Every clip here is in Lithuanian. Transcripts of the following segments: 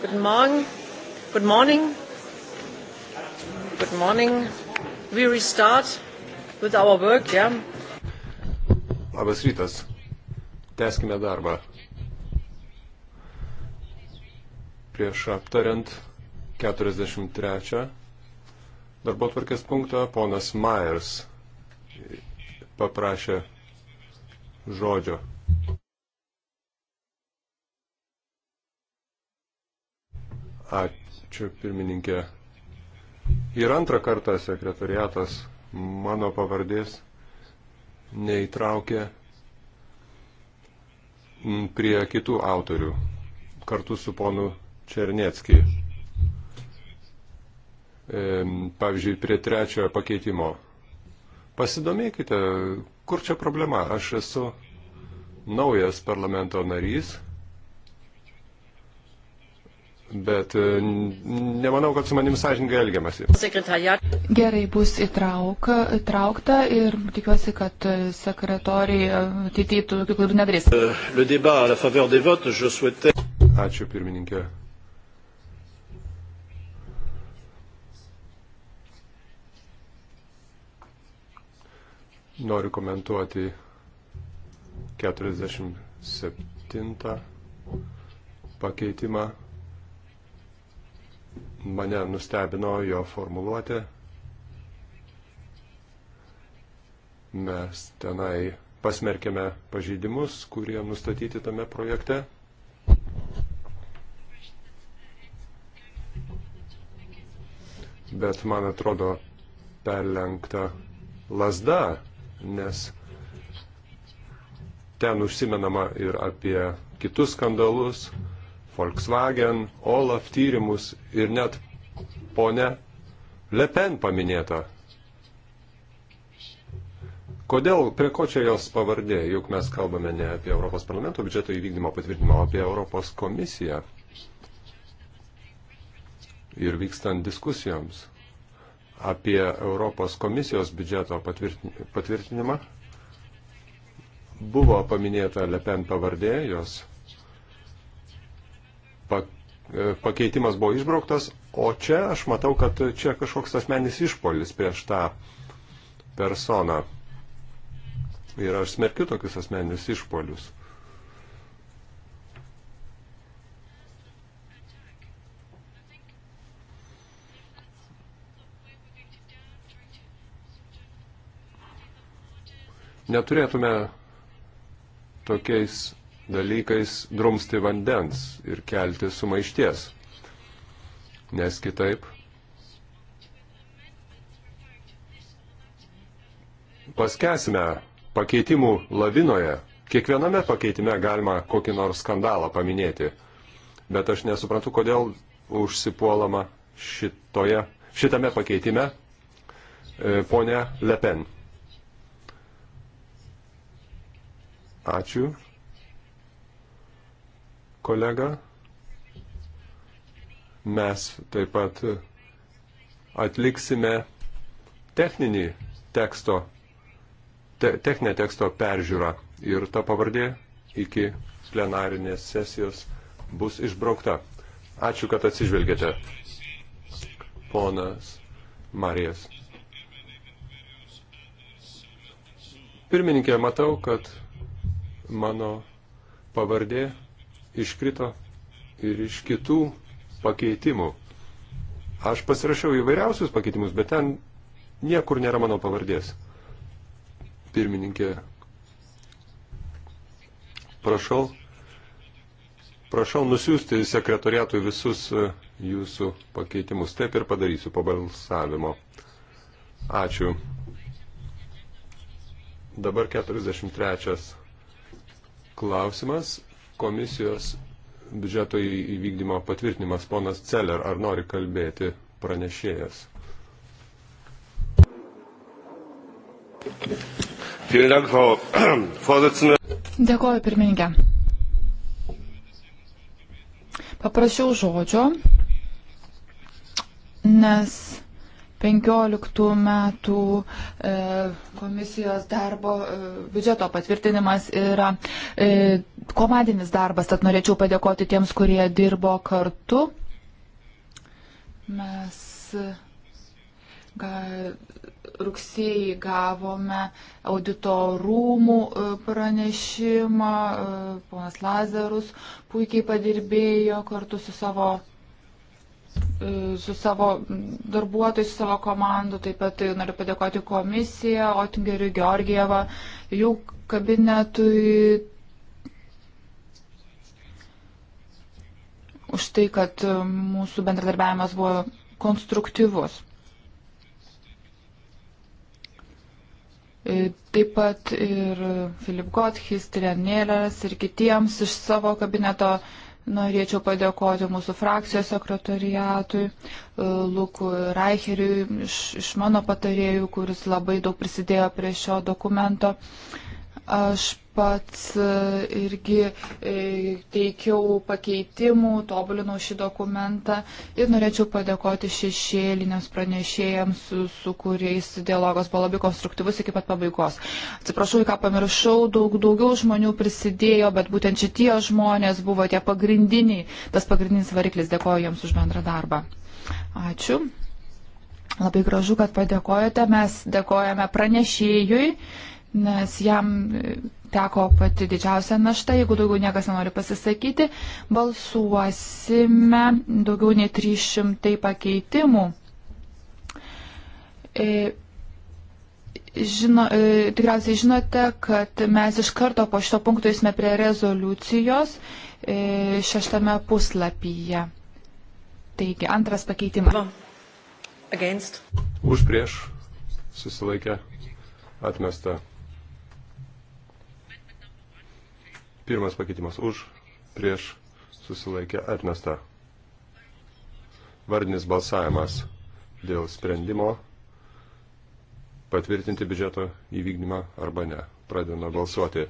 Guten Morgen. Good morning. Good morning. We restart with our work, yeah? Labas rytas. Teskime darbą. Prieš aptariant 43 darbo tvarkės punktą, ponas Myers paprašė žodžio. Ačiū pirmininkė. Ir antrą kartą sekretariatas mano pavardės neįtraukė prie kitų autorių kartu su ponu Černiecki. E, pavyzdžiui, prie trečiojo pakeitimo. Pasidomėkite, kur čia problema. Aš esu naujas parlamento narys Bet e, nemanau, kad su manim sąžininkai elgiamasi. Gerai bus įtrauk, įtraukta ir tikiuosi, kad sekretoriai ateityje tokių klaidų nedarys. Euh, Ačiū pirmininkė. Noriu komentuoti 47 pakeitimą mane nustebino jo formuluotė. Mes tenai pasmerkėme pažeidimus, kurie nustatyti tame projekte. Bet man atrodo perlenkta lasda, nes ten užsimenama ir apie kitus skandalus, Volkswagen, Olaf tyrimus ir net ponę Le Pen paminėta. Kodėl, prie ko čia jos pavardė, juk mes kalbame ne apie Europos parlamento biudžeto įvykdymo patvirtinimą, o apie Europos komisiją. Ir vykstant diskusijoms apie Europos komisijos biudžeto patvirtinimą, buvo paminėta Lepen pavardė, jos E, pakeitimas buvo išbrauktas, o čia aš matau, kad čia kažkoks asmenis išpolis prieš tą personą. Ir aš smerkiu tokius asmeninius išpolius. Neturėtume tokiais dalykais drumsti vandens ir kelti sumaišties. Nes kitaip paskesime pakeitimų lavinoje. Kiekviename pakeitime galima kokį nors skandalą paminėti. Bet aš nesuprantu, kodėl užsipuolama šitoje, šitame pakeitime e, ponia Lepen. Ačiū kolega. Mes taip pat atliksime techninį teksto, te, techninę teksto peržiūrą ir ta pavardė iki plenarinės sesijos bus išbraukta. Ačiū, kad atsižvelgėte. Ponas Marijas. Pirmininkė, matau, kad mano pavardė iškrito ir iš kitų pakeitimų. Aš pasirašiau įvairiausius pakeitimus, bet ten niekur nėra mano pavardės. Pirmininkė, prašau, prašau nusiųsti sekretoriatui visus e, jūsų pakeitimus. Taip ir padarysiu po balsavimo. Ačiū. Dabar 43 klausimas komisijos biudžeto įvykdymo patvirtinimas. Ponas Celler, ar nori kalbėti pranešėjas? Dėkoju, pirmininkė. Paprašiau žodžio, nes 15 metų e, komisijos darbo e, biudžeto patvirtinimas yra e, komandinis darbas, tad norėčiau padėkoti tiems, kurie dirbo kartu. Mes ga, rugsėjį gavome auditorumų pranešimą, ponas Lazarus puikiai padirbėjo kartu su savo su savo darbuotojais, su savo komandu, taip pat tai noriu padėkoti komisiją, Otingeriu, Georgievą, jų kabinetui už tai, kad mūsų bendradarbiavimas buvo konstruktyvus. Taip pat ir Filip Gotchis, Trianėlės ir kitiems iš savo kabineto uh, Norėčiau padėkoti mūsų frakcijos sekretoriatui, e, Luku Reicheriui iš, iš mano patarėjų, kuris labai daug prisidėjo prie šio dokumento. Aš pats e, irgi e, teikiau pakeitimų, tobulinau šį dokumentą ir norėčiau padėkoti šešėlinėms pranešėjams, su, su kuriais dialogas buvo labai konstruktyvus iki pat pabaigos. Atsiprašau, ką pamiršau, daug daugiau žmonių prisidėjo, bet būtent šitie žmonės buvo tie pagrindiniai, tas pagrindinis variklis. Dėkoju jiems už bendrą darbą. Ačiū. Labai gražu, kad padėkojate. Mes dėkojame pranešėjui, nes jam teko pati didžiausia našta, jeigu daugiau niekas nenori pasisakyti, balsuosime daugiau nei 300 pakeitimų. E, žino, e, tikriausiai žinote, kad mes iš karto po šito punkto įsime prie rezoliucijos e, šeštame puslapyje. Taigi, antras pakeitimas. Against. Už prieš susilaikę atmesta. Pirmas pakeitimas už, prieš susilaikė atmesta. Vardinis balsavimas dėl sprendimo patvirtinti biudžeto įvykdymą arba ne. Pradedame balsuoti.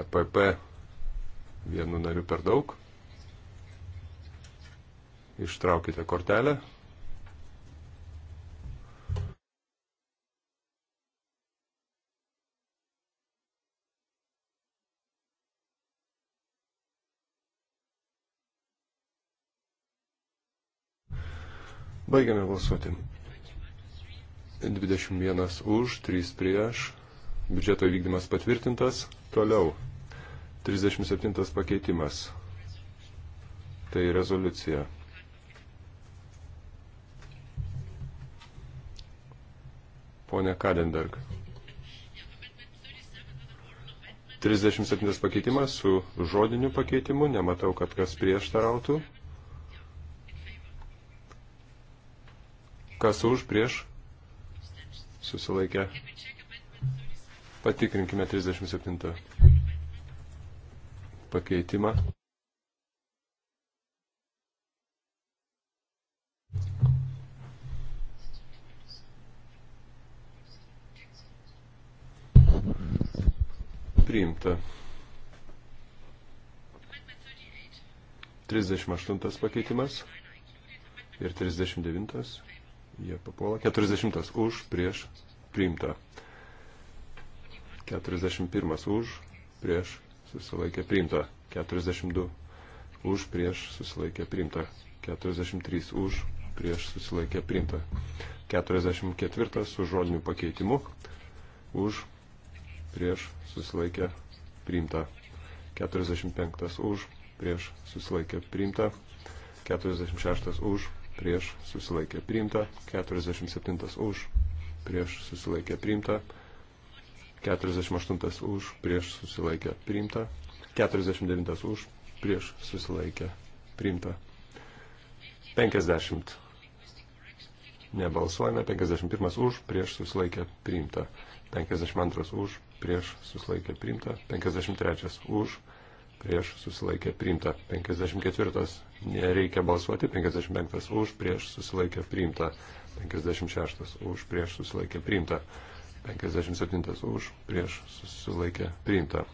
EPP vienu nariu per daug. Ištraukite kortelę. Baigiame balsuoti. 21 už, 3 prieš. Biudžeto vykdymas patvirtintas. Toliau. 37 pakeitimas. Tai rezoliucija. Pone Kadenberg. 37 pakeitimas su žodiniu pakeitimu. Nematau, kad kas prieštarautų. Kas už, prieš, susilaikė. Patikrinkime 37 pakeitimą. Priimta. 38 pakeitimas ir 39 jie papuola. 40 už, prieš, priimta. 41 už, prieš, susilaikė priimta. 42 už, prieš, susilaikė priimta. 43 už, prieš, susilaikė priimta. 44 su žodiniu pakeitimu, už, prieš, susilaikė priimta. 45 už, prieš, susilaikė priimta. 46 už, prieš susilaikė priimta, 47 už, prieš susilaikė priimta, 48 už, prieš susilaikė priimta, 49 už, prieš susilaikė priimta, 50 nebalsuojame, 51 už, prieš susilaikė priimta, 52 už, prieš susilaikė priimta, 53 už, prieš susilaikė priimta. 54. Nereikia balsuoti. 55. Už prieš susilaikė priimta. 56. Už prieš susilaikė priimta. 57. Už prieš susilaikė priimta.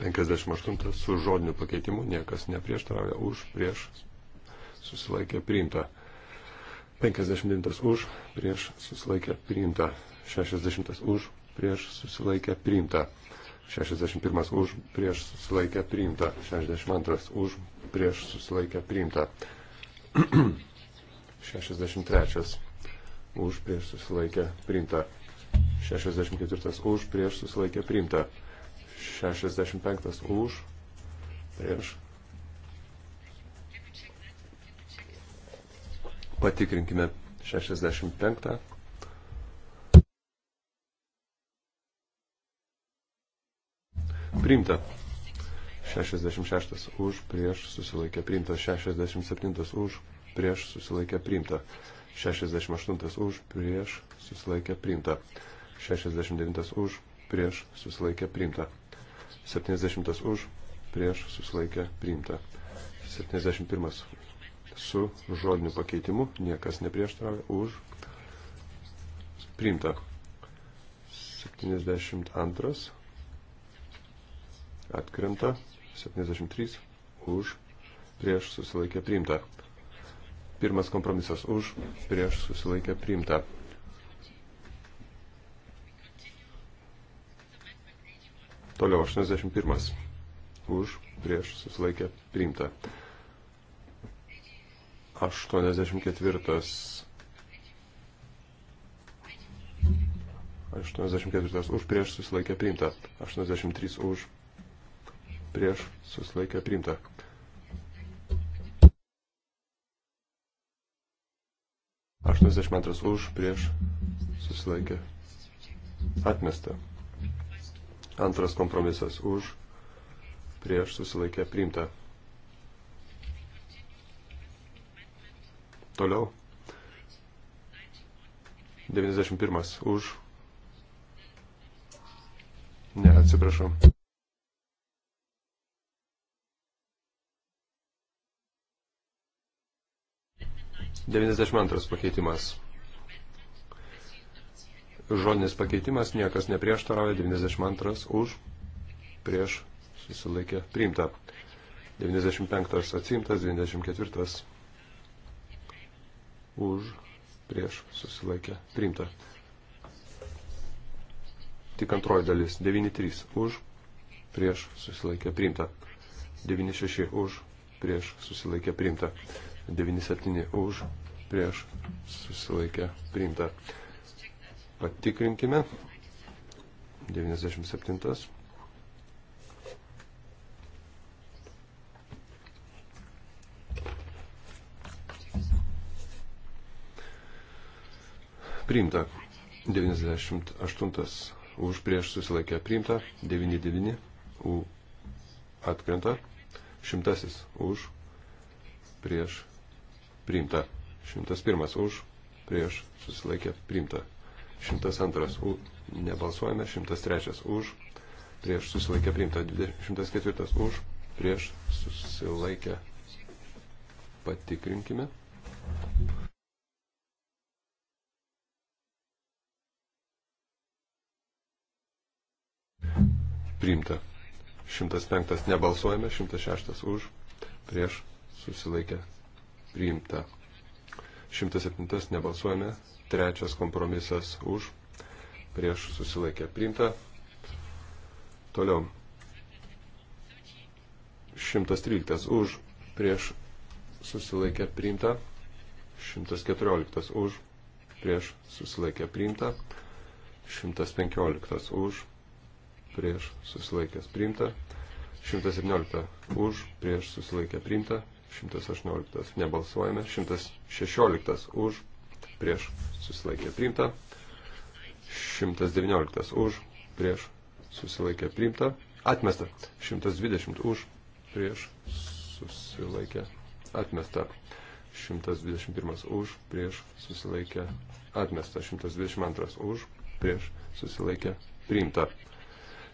58. Su žodiniu pakeitimu niekas neprieštarauja. Už prieš susilaikė priimta. 59. Už prieš susilaikė priimta. 60. Už prieš susilaikė priimta. 61 už prieš susilaikę priimta, 62 už prieš susilaikę priimta, 63 už prieš susilaikę priimta, 64 už prieš susilaikę priimta, 65 už prieš. Patikrinkime 65. priimta. 66 už, prieš susilaikė priimta. 67 už, prieš susilaikė priimta. 68 už, prieš susilaikė priimta. 69 už, prieš susilaikė priimta. 70 už, prieš susilaikė priimta. 71 su žodiniu pakeitimu, niekas neprieštarauja, už priimta. 72 atkrenta, 73 už, prieš susilaikė priimta. Pirmas kompromisas už, prieš susilaikė priimta. Toliau 81 už, prieš susilaikė priimta. 84 84 už prieš susilaikė priimta, 83 už prieš susilaikę priimta. Aštuoniasdešimt antras už, prieš susilaikę atmesta. Antras kompromisas už, prieš susilaikę priimta. Toliau. 91 už. Ne, atsiprašau. 92 pakeitimas. Žodinis pakeitimas, niekas neprieštarauja, 92 už, prieš, susilaikė, priimta. 95 atsimtas, 94 už, prieš, susilaikė, priimta. Tik antroji dalis, 93 už, prieš, susilaikė, priimta. 96 už, prieš, susilaikė, priimta. 97 už, prieš susilaikę priimta. Patikrinkime. 97. Priimta. 98 už prieš susilaikę priimta. 99 u atkrenta. Šimtasis už prieš priimta. 101 už, prieš susilaikė priimta. 102 u, nebalsuojame, 103 už, prieš susilaikė priimta. 104 už, prieš susilaikė patikrinkime. Priimta. 105 nebalsuojame, 106 už, prieš susilaikė priimta. 107 nebalsuojame. Trečias kompromisas už. Prieš susilaikė priimta. Toliau. 113 už. Prieš susilaikė priimta. 114 už. Prieš susilaikė priimta. 115 už. Prieš susilaikęs priimta. 117 už. Prieš susilaikė priimta. 118 nebalsuojame, 116 už, prieš susilaikė priimta, 119 už, prieš susilaikė priimta, atmesta, 120 už, prieš susilaikė atmesta, 121 už, prieš susilaikė atmesta, 122 už, prieš susilaikė priimta,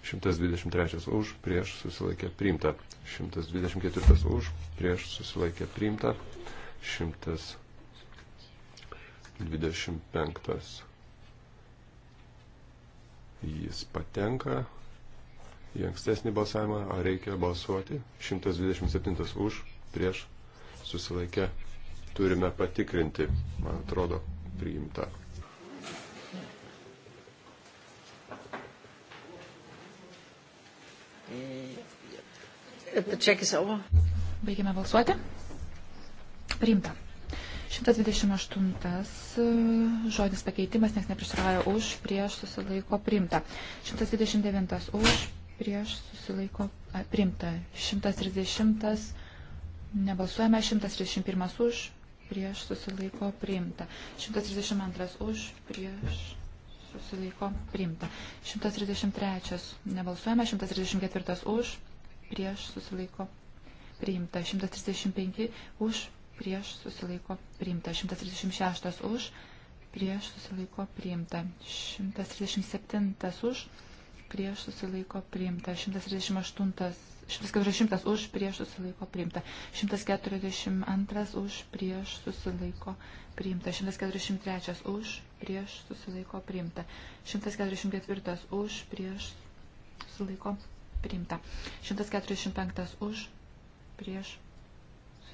123 už, prieš susilaikė priimta. 124 už, prieš susilaikė priimta. 125. Jis patenka į ankstesnį balsavimą, ar reikia balsuoti. 127 už, prieš susilaikė. Turime patikrinti, man atrodo, priimta. The check is over. Baigėme balsuoti. Priimta. 128 e, žodis pakeitimas, nes neprieštarauja už, prieš susilaiko priimta. 129 už, prieš susilaiko priimta. 130 nebalsuojame, 131 už, prieš susilaiko priimta. 132 už, prieš susilaiko priimta. 133 nebalsuojame, 134 už, prieš susilaiko priimta 135 už, prieš susilaiko priimta 136 už, prieš susilaiko priimta 137 už, prieš susilaiko priimta 138 140 už prieš susilaiko priimta, 142 už prieš susilaiko priimta, 143 už prieš susilaiko priimta, 144 už prieš susilaiko priimta. 145 už, prieš,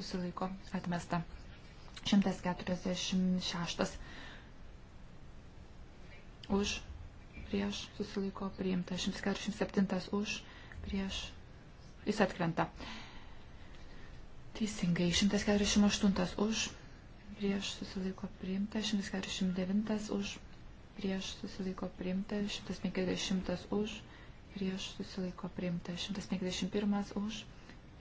susilaiko, atmesta. 146 už, prieš, susilaiko, priimta. 147 už, prieš, jis atkrenta. Teisingai, 148 už, prieš, susilaiko, priimta. 149 už, prieš, susilaiko, priimta. 150 už, prieš susilaiko priimta, 151 už,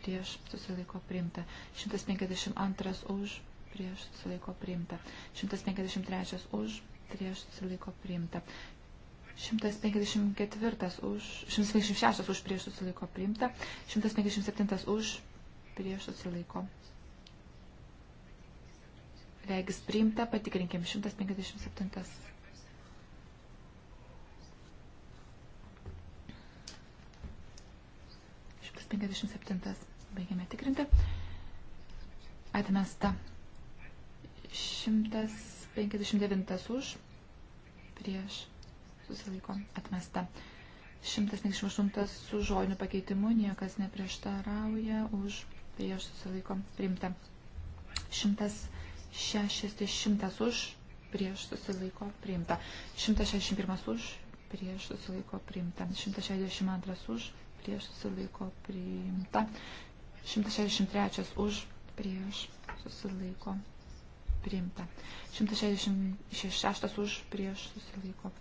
prieš susilaiko priimta, 152 už, prieš susilaiko priimta, 153 už, prieš susilaiko priimta, 154 už, 156 už, prieš susilaiko priimta, 157 už, prieš susilaiko Regis priimta, patikrinkim 157. 57. Baigiame tikrinti. Atmesta. 159 už. Prieš. Susilaiko. Atmesta. 158 su žodiniu pakeitimu. Niekas neprieštarauja. Už. Prieš. Susilaiko. Priimta. 160 už. Prieš. Susilaiko. Priimta. 161 už. Prieš. Susilaiko. Priimta. 162 už prieš susilaiko priimta. 163 už prieš susilaiko priimta. 166 už prieš susilaiko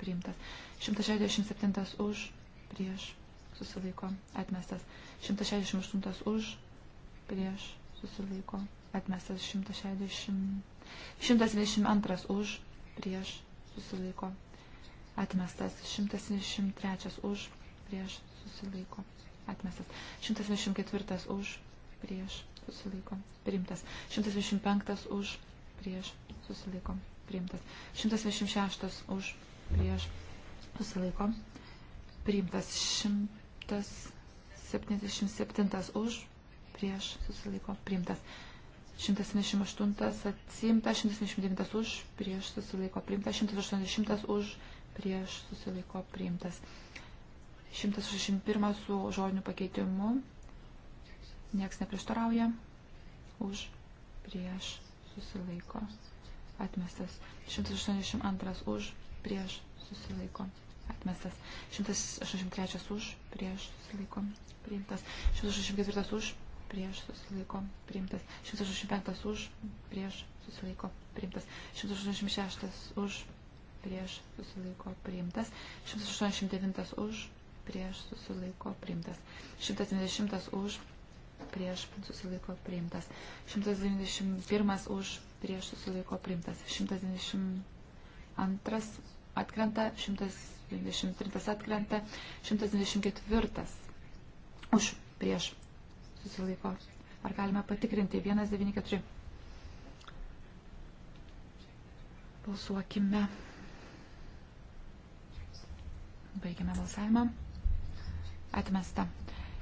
priimtas. 167 už prieš susilaiko atmestas. 168 už prieš susilaiko atmestas. 160, 122 už prieš susilaiko atmestas. 173 už prieš susilaiko atmestas. 124 už prieš susilaiko priimtas. 125 už prieš susilaiko priimtas. 126 už prieš susilaiko priimtas. 177 už prieš susilaiko priimtas. 178 atsimta, 179 už prieš susilaiko priimtas, 180 už prieš susilaiko priimtas. 161 su žodiniu pakeitimu. Niekas neprieštarauja. Už, prieš, susilaiko. Atmestas. 182 už, prieš, susilaiko. Atmestas. 183 už, prieš, susilaiko. Priimtas. 164 už, prieš, susilaiko. Priimtas. 165 už, prieš, susilaiko. Priimtas. 186 už, prieš, susilaiko. Priimtas. 189 už, prieš susilaiko priimtas. 120 už prieš susilaiko priimtas. 191 už prieš susilaiko priimtas. 192 atkrenta, 193 atkrenta, 124 už prieš susilaiko. Ar galime patikrinti? 194. Balsuokime. Baigiame balsavimą. Atmesta.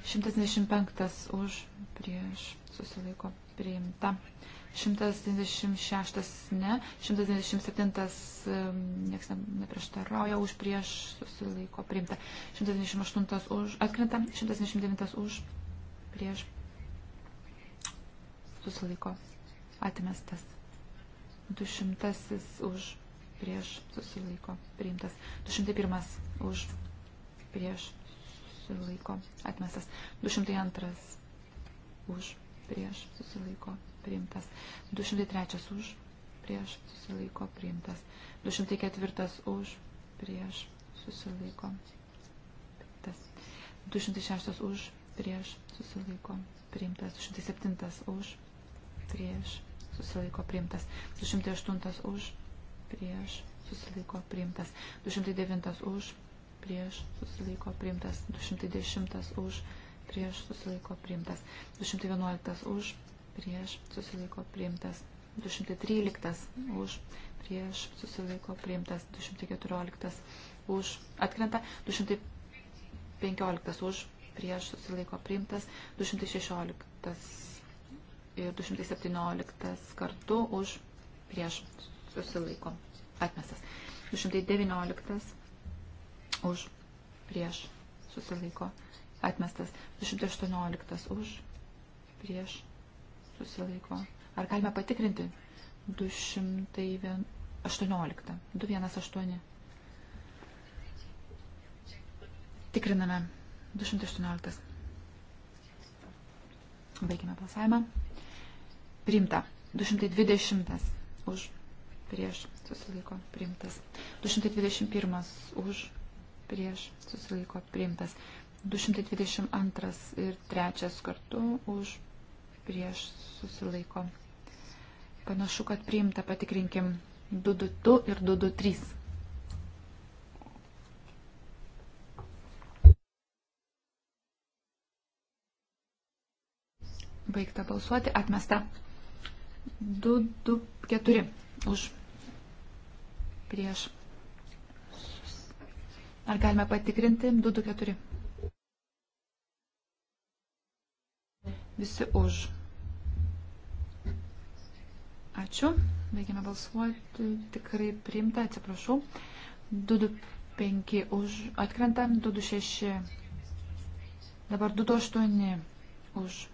125 už prieš susilaiko priimta. 126 ne, 127 niekas neprieštarauja, už prieš susilaiko priimta. 128 už atkrenta, 129 už prieš susilaiko atmestas. 200 už prieš susilaiko priimtas. 201 už prieš susilaiko atmestas. 202 už prieš susilaiko priimtas. 203 už prieš susilaiko priimtas. 204 už prieš susilaiko priimtas. 206 už prieš susilaiko priimtas. 207 už prieš susilaiko priimtas. 208 už prieš susilaiko priimtas. 209 už prieš susilaiko priimtas, 210 už prieš susilaiko priimtas, 211 už prieš susilaiko priimtas, 213 už prieš susilaiko priimtas, 214 už atkrenta, 215 už prieš susilaiko priimtas, 216 ir 217 kartu už prieš susilaiko atmestas. 219 už, prieš, susilaiko, atmestas. 218 už, prieš, susilaiko. Ar galime patikrinti? 218. 218. Tikriname. 218. Baigime balsavimą. Priimta. 220 už prieš susilaiko priimtas. 221 už prieš susilaiko priimtas. 222 ir 3 kartu už prieš susilaiko. Panašu, kad priimta, patikrinkim 222 ir 223. Baigta balsuoti, atmesta 224 už prieš Ar galime patikrinti 224? Visi už. Ačiū. Baigiame balsuoti. Tikrai priimta, atsiprašau. 225 už. Atkrentam 226. Dabar 228 už.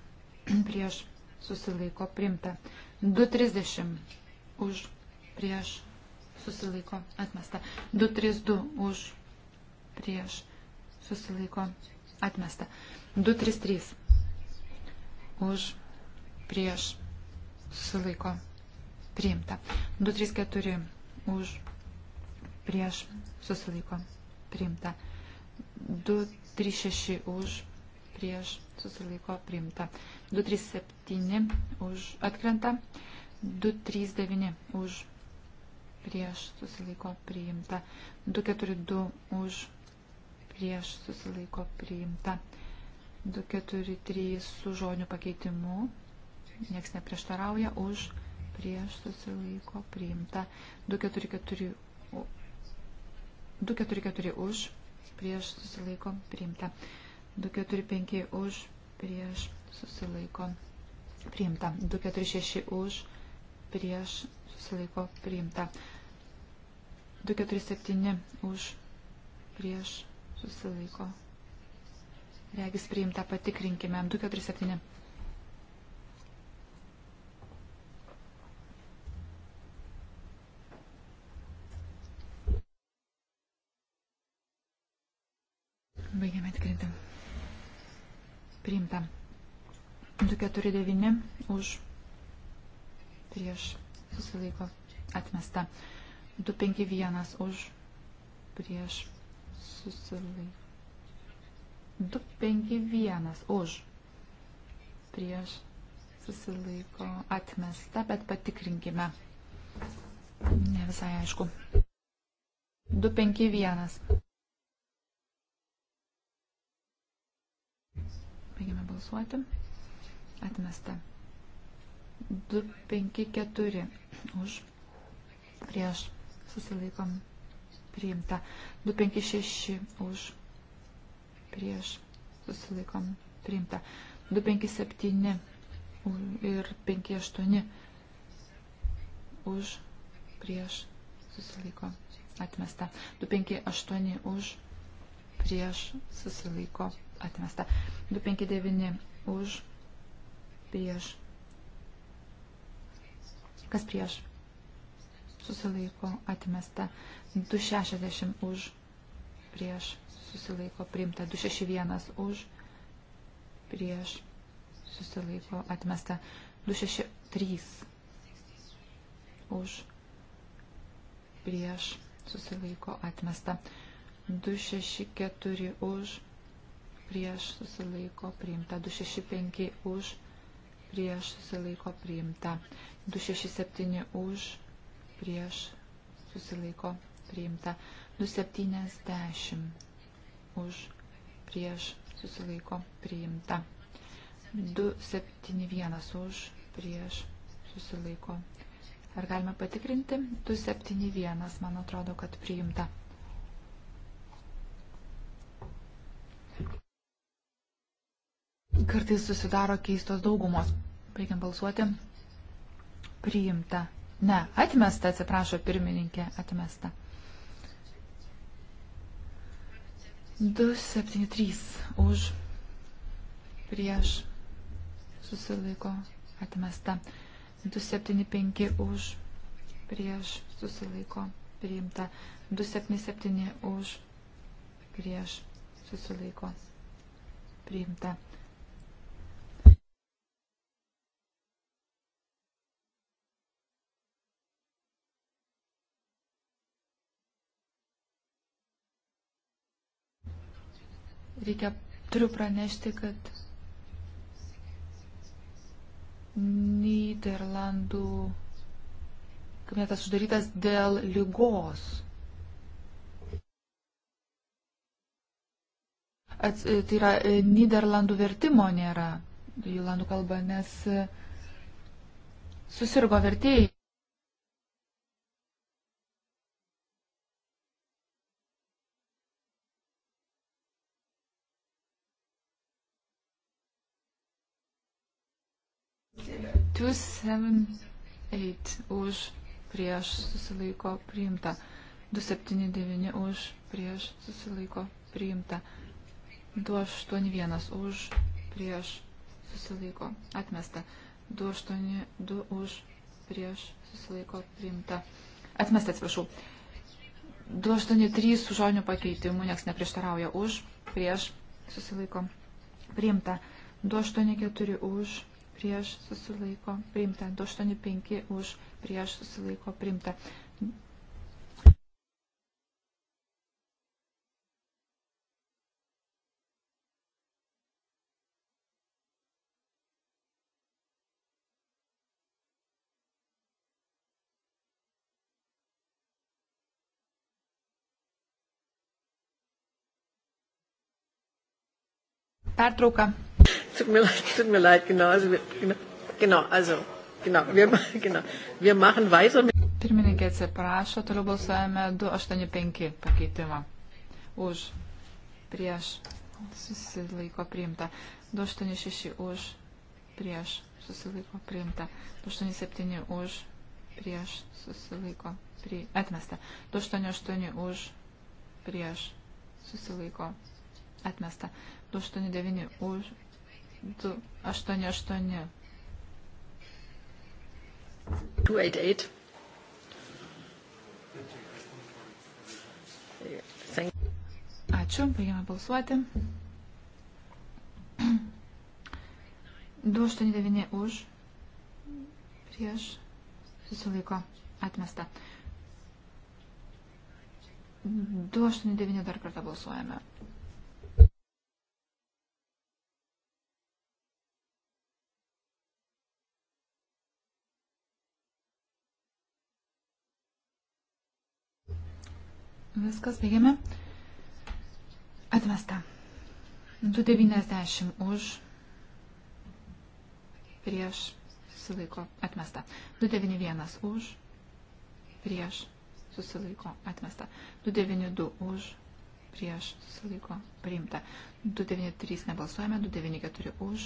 Prieš susilaiko priimta. 230 už. Prieš susilaiko atmesta. 232 už prieš susilaiko atmesta. 233 už prieš susilaiko priimta. 234 už prieš susilaiko priimta. 236 už prieš susilaiko priimta. 237 už atkrenta. 239 už prieš susilaiko priimta. 242 už prieš prieš susilaiko priimta. 243 su žodžiu pakeitimu. Niekas neprieštarauja už prieš susilaiko priimta. 244, 244 už prieš susilaiko priimta. 245 už prieš susilaiko priimta. 246 už prieš susilaiko priimta. 247 už prieš susilaiko. Regis priimta, patikrinkime. 247. Baigiame tikrinti. Priimta. 249 už prieš susilaiko atmesta. 251 už prieš susilaiko. 251 už prieš susilaiko atmesta, bet patikrinkime. Ne visai aišku. 251. Baigiame balsuoti. Atmesta. 254 už prieš susilaikom priimta. 256 už prieš susilaikom priimta. 257 ir 58 už prieš susilaiko atmesta. 258 už prieš susilaiko atmesta. 259 už prieš. Kas prieš? susilaiko atmesta, 260 už prieš susilaiko priimta, 261 už prieš susilaiko atmesta, 263 už prieš susilaiko atmesta, 264 už prieš susilaiko priimta, 265 už prieš susilaiko priimta, 267 už prieš susilaiko priimta. 270 už prieš susilaiko priimta. 271 už prieš susilaiko. Ar galime patikrinti? 271, man atrodo, kad priimta. Kartais susidaro keistos daugumos. Baigiam balsuoti. Priimta. Ne, atmesta, atsiprašo pirmininkė, atmesta. 273 už prieš susilaiko atmesta. 275 už prieš susilaiko priimta. 277 už prieš susilaiko priimta. reikia, turiu pranešti, kad Niderlandų kabinetas uždarytas dėl lygos. Ats, e, tai yra, e, Niderlandų vertimo nėra į Landų kalbą, nes e, susirgo vertėjai. 278 už prieš susilaiko priimta. 279 už prieš susilaiko priimta. 281 už prieš susilaiko atmesta. 282 už prieš susilaiko priimta. Atmesta, atsiprašau. 283 su žodiniu pakeitimu, nieks neprieštarauja už, prieš susilaiko priimta. 284 už, prieš susilaiko priimta, 285 už prieš susilaiko priimta. Pertrauka tut mir leid, tut mir leid, genau. Also, wir, genau, genau, also, genau, wir, genau. Wir machen weiter. Pirmininkė atsiprašo, toliau balsuojame 285 pakeitimą. Už, prieš, susilaiko priimta. 286 už, prieš, susilaiko priimta. 287 už, prieš, susilaiko pri... atmesta. 288 už, prieš, susilaiko atmesta. 289 už, 288. 288. Ačiū, baigiame balsuoti. 289 už, prieš, susilaiko, atmesta. 289 dar kartą balsuojame. Viskas, baigiame. Atmesta. 290 už. Prieš. Susilaiko. Atmesta. 291 už. Prieš. Susilaiko. Atmesta. 292 už. Prieš. Susilaiko. Priimta. 293 nebalsuojame. 294 už.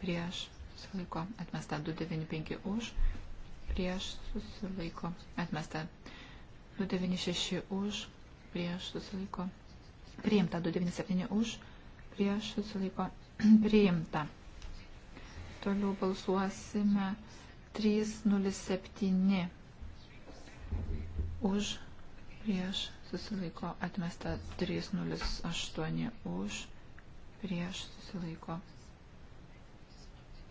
Prieš. Susilaiko. Atmesta. 295 už. Prieš. Susilaiko. Atmesta. 296 už prieš susilaiko priimta, 297 už prieš susilaiko priimta. Toliau balsuosime 307 už prieš susilaiko atmesta 308 už prieš susilaiko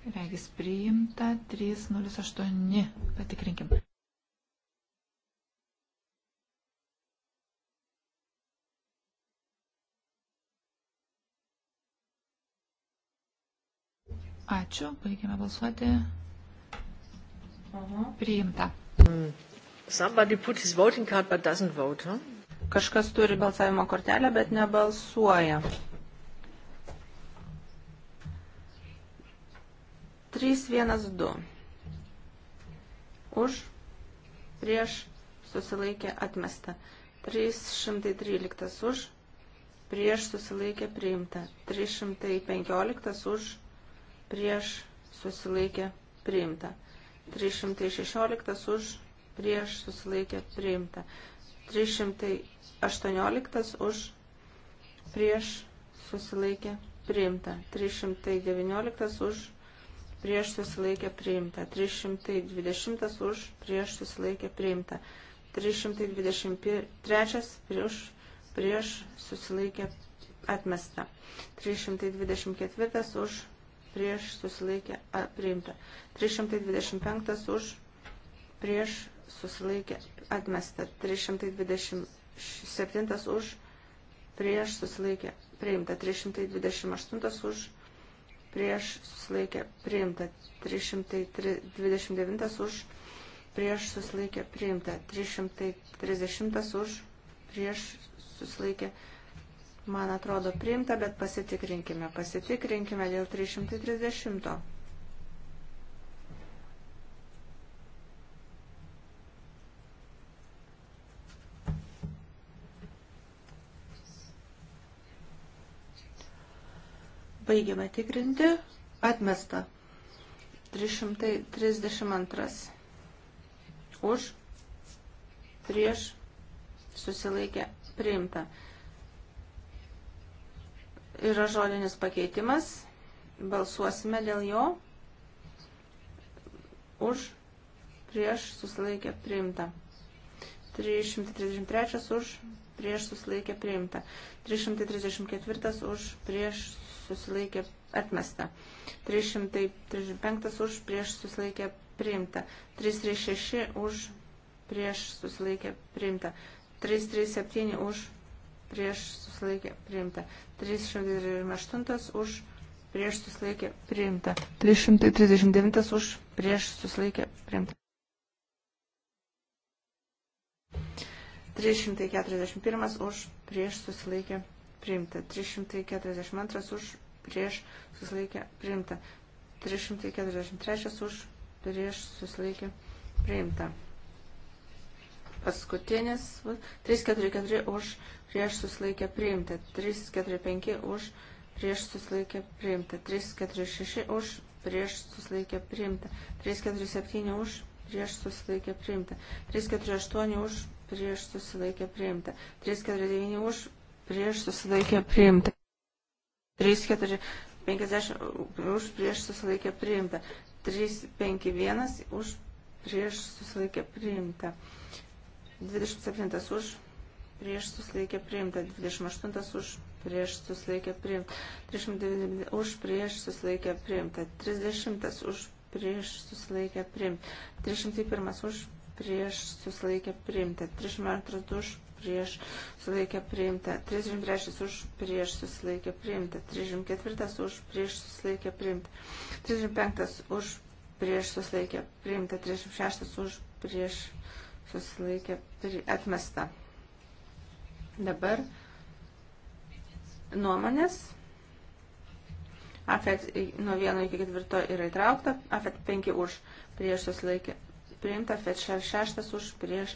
Regis priimta 308. Patikrinkim. Ačiū, baigėme balsuoti. Priimta. Mm. Somebody put his voting card but doesn't vote, huh? Kažkas turi balsavimo kortelę, bet nebalsuoja. 3-1-2. Už, prieš, susilaikė, atmesta. 313 už, prieš, susilaikė, priimta. 315 už, prieš susilaikė priimta. 316 už prieš susilaikė priimta. 318 už prieš susilaikė priimta. 319 už prieš susilaikė priimta. 320 už prieš susilaikė priimta. 323 prieš, prieš susilaikė atmesta. 324 už prieš susilaikė a, priimta. 325 už prieš susilaikė atmesta. 327 už prieš susilaikė priimta. 328 už prieš susilaikė priimta. 329 už prieš susilaikė priimta. 330 už prieš susilaikė priimta Man atrodo priimta, bet pasitikrinkime. Pasitikrinkime dėl 330. Baigiame tikrinti. Atmesta. 332. Už. Prieš. Susilaikė. Priimta. 333 Yra žodinis pakeitimas. Balsuosime dėl jo. Už, prieš, susilaikė, priimta. 333 už, prieš, susilaikė, priimta. 334 už, prieš, susilaikė, atmesta. 335 už, prieš, susilaikė, priimta. 336 už, prieš, susilaikė, priimta. 337 už, prieš susilaikė priimta. 348 už prieš susilaikė priimta. 339 už prieš susilaikė priimta. 341 už prieš susilaikė priimta. 342 už prieš susilaikė priimta. 343 už prieš susilaikė priimta. Paskutinis 344 už prieš susilaikę priimta, 345 už prieš susilaikę priimta, 346 už prieš susilaikę priimta, 347 už prieš susilaikę priimta, 348 už prieš susilaikę priimta, 349 už prieš susilaikę priimta, 350 už prieš susilaikę priimta, 351 už prieš susilaikę priimta. 3, 5, 1, už, prieš susilaikę priimta. 27 už, prieš susilaikė priimta, 28 už, prieš susilaikė priimta, 39 už, prieš susilaikė priimta, 30 už, prieš susilaikė priimta, 301 už, prieš susilaikė priimta, 302 už, prieš susilaikė priimta, 33 už, prieš susilaikė priimta, 34 už, prieš susilaikė priimta, 35 už, prieš susilaikė priimta, 36 už, prieš susilaikė atmesta. Dabar nuomonės. AFET nuo 1 iki 4 yra įtraukta, AFET 5 už prieš susilaikė priimta, AFET 6 už prieš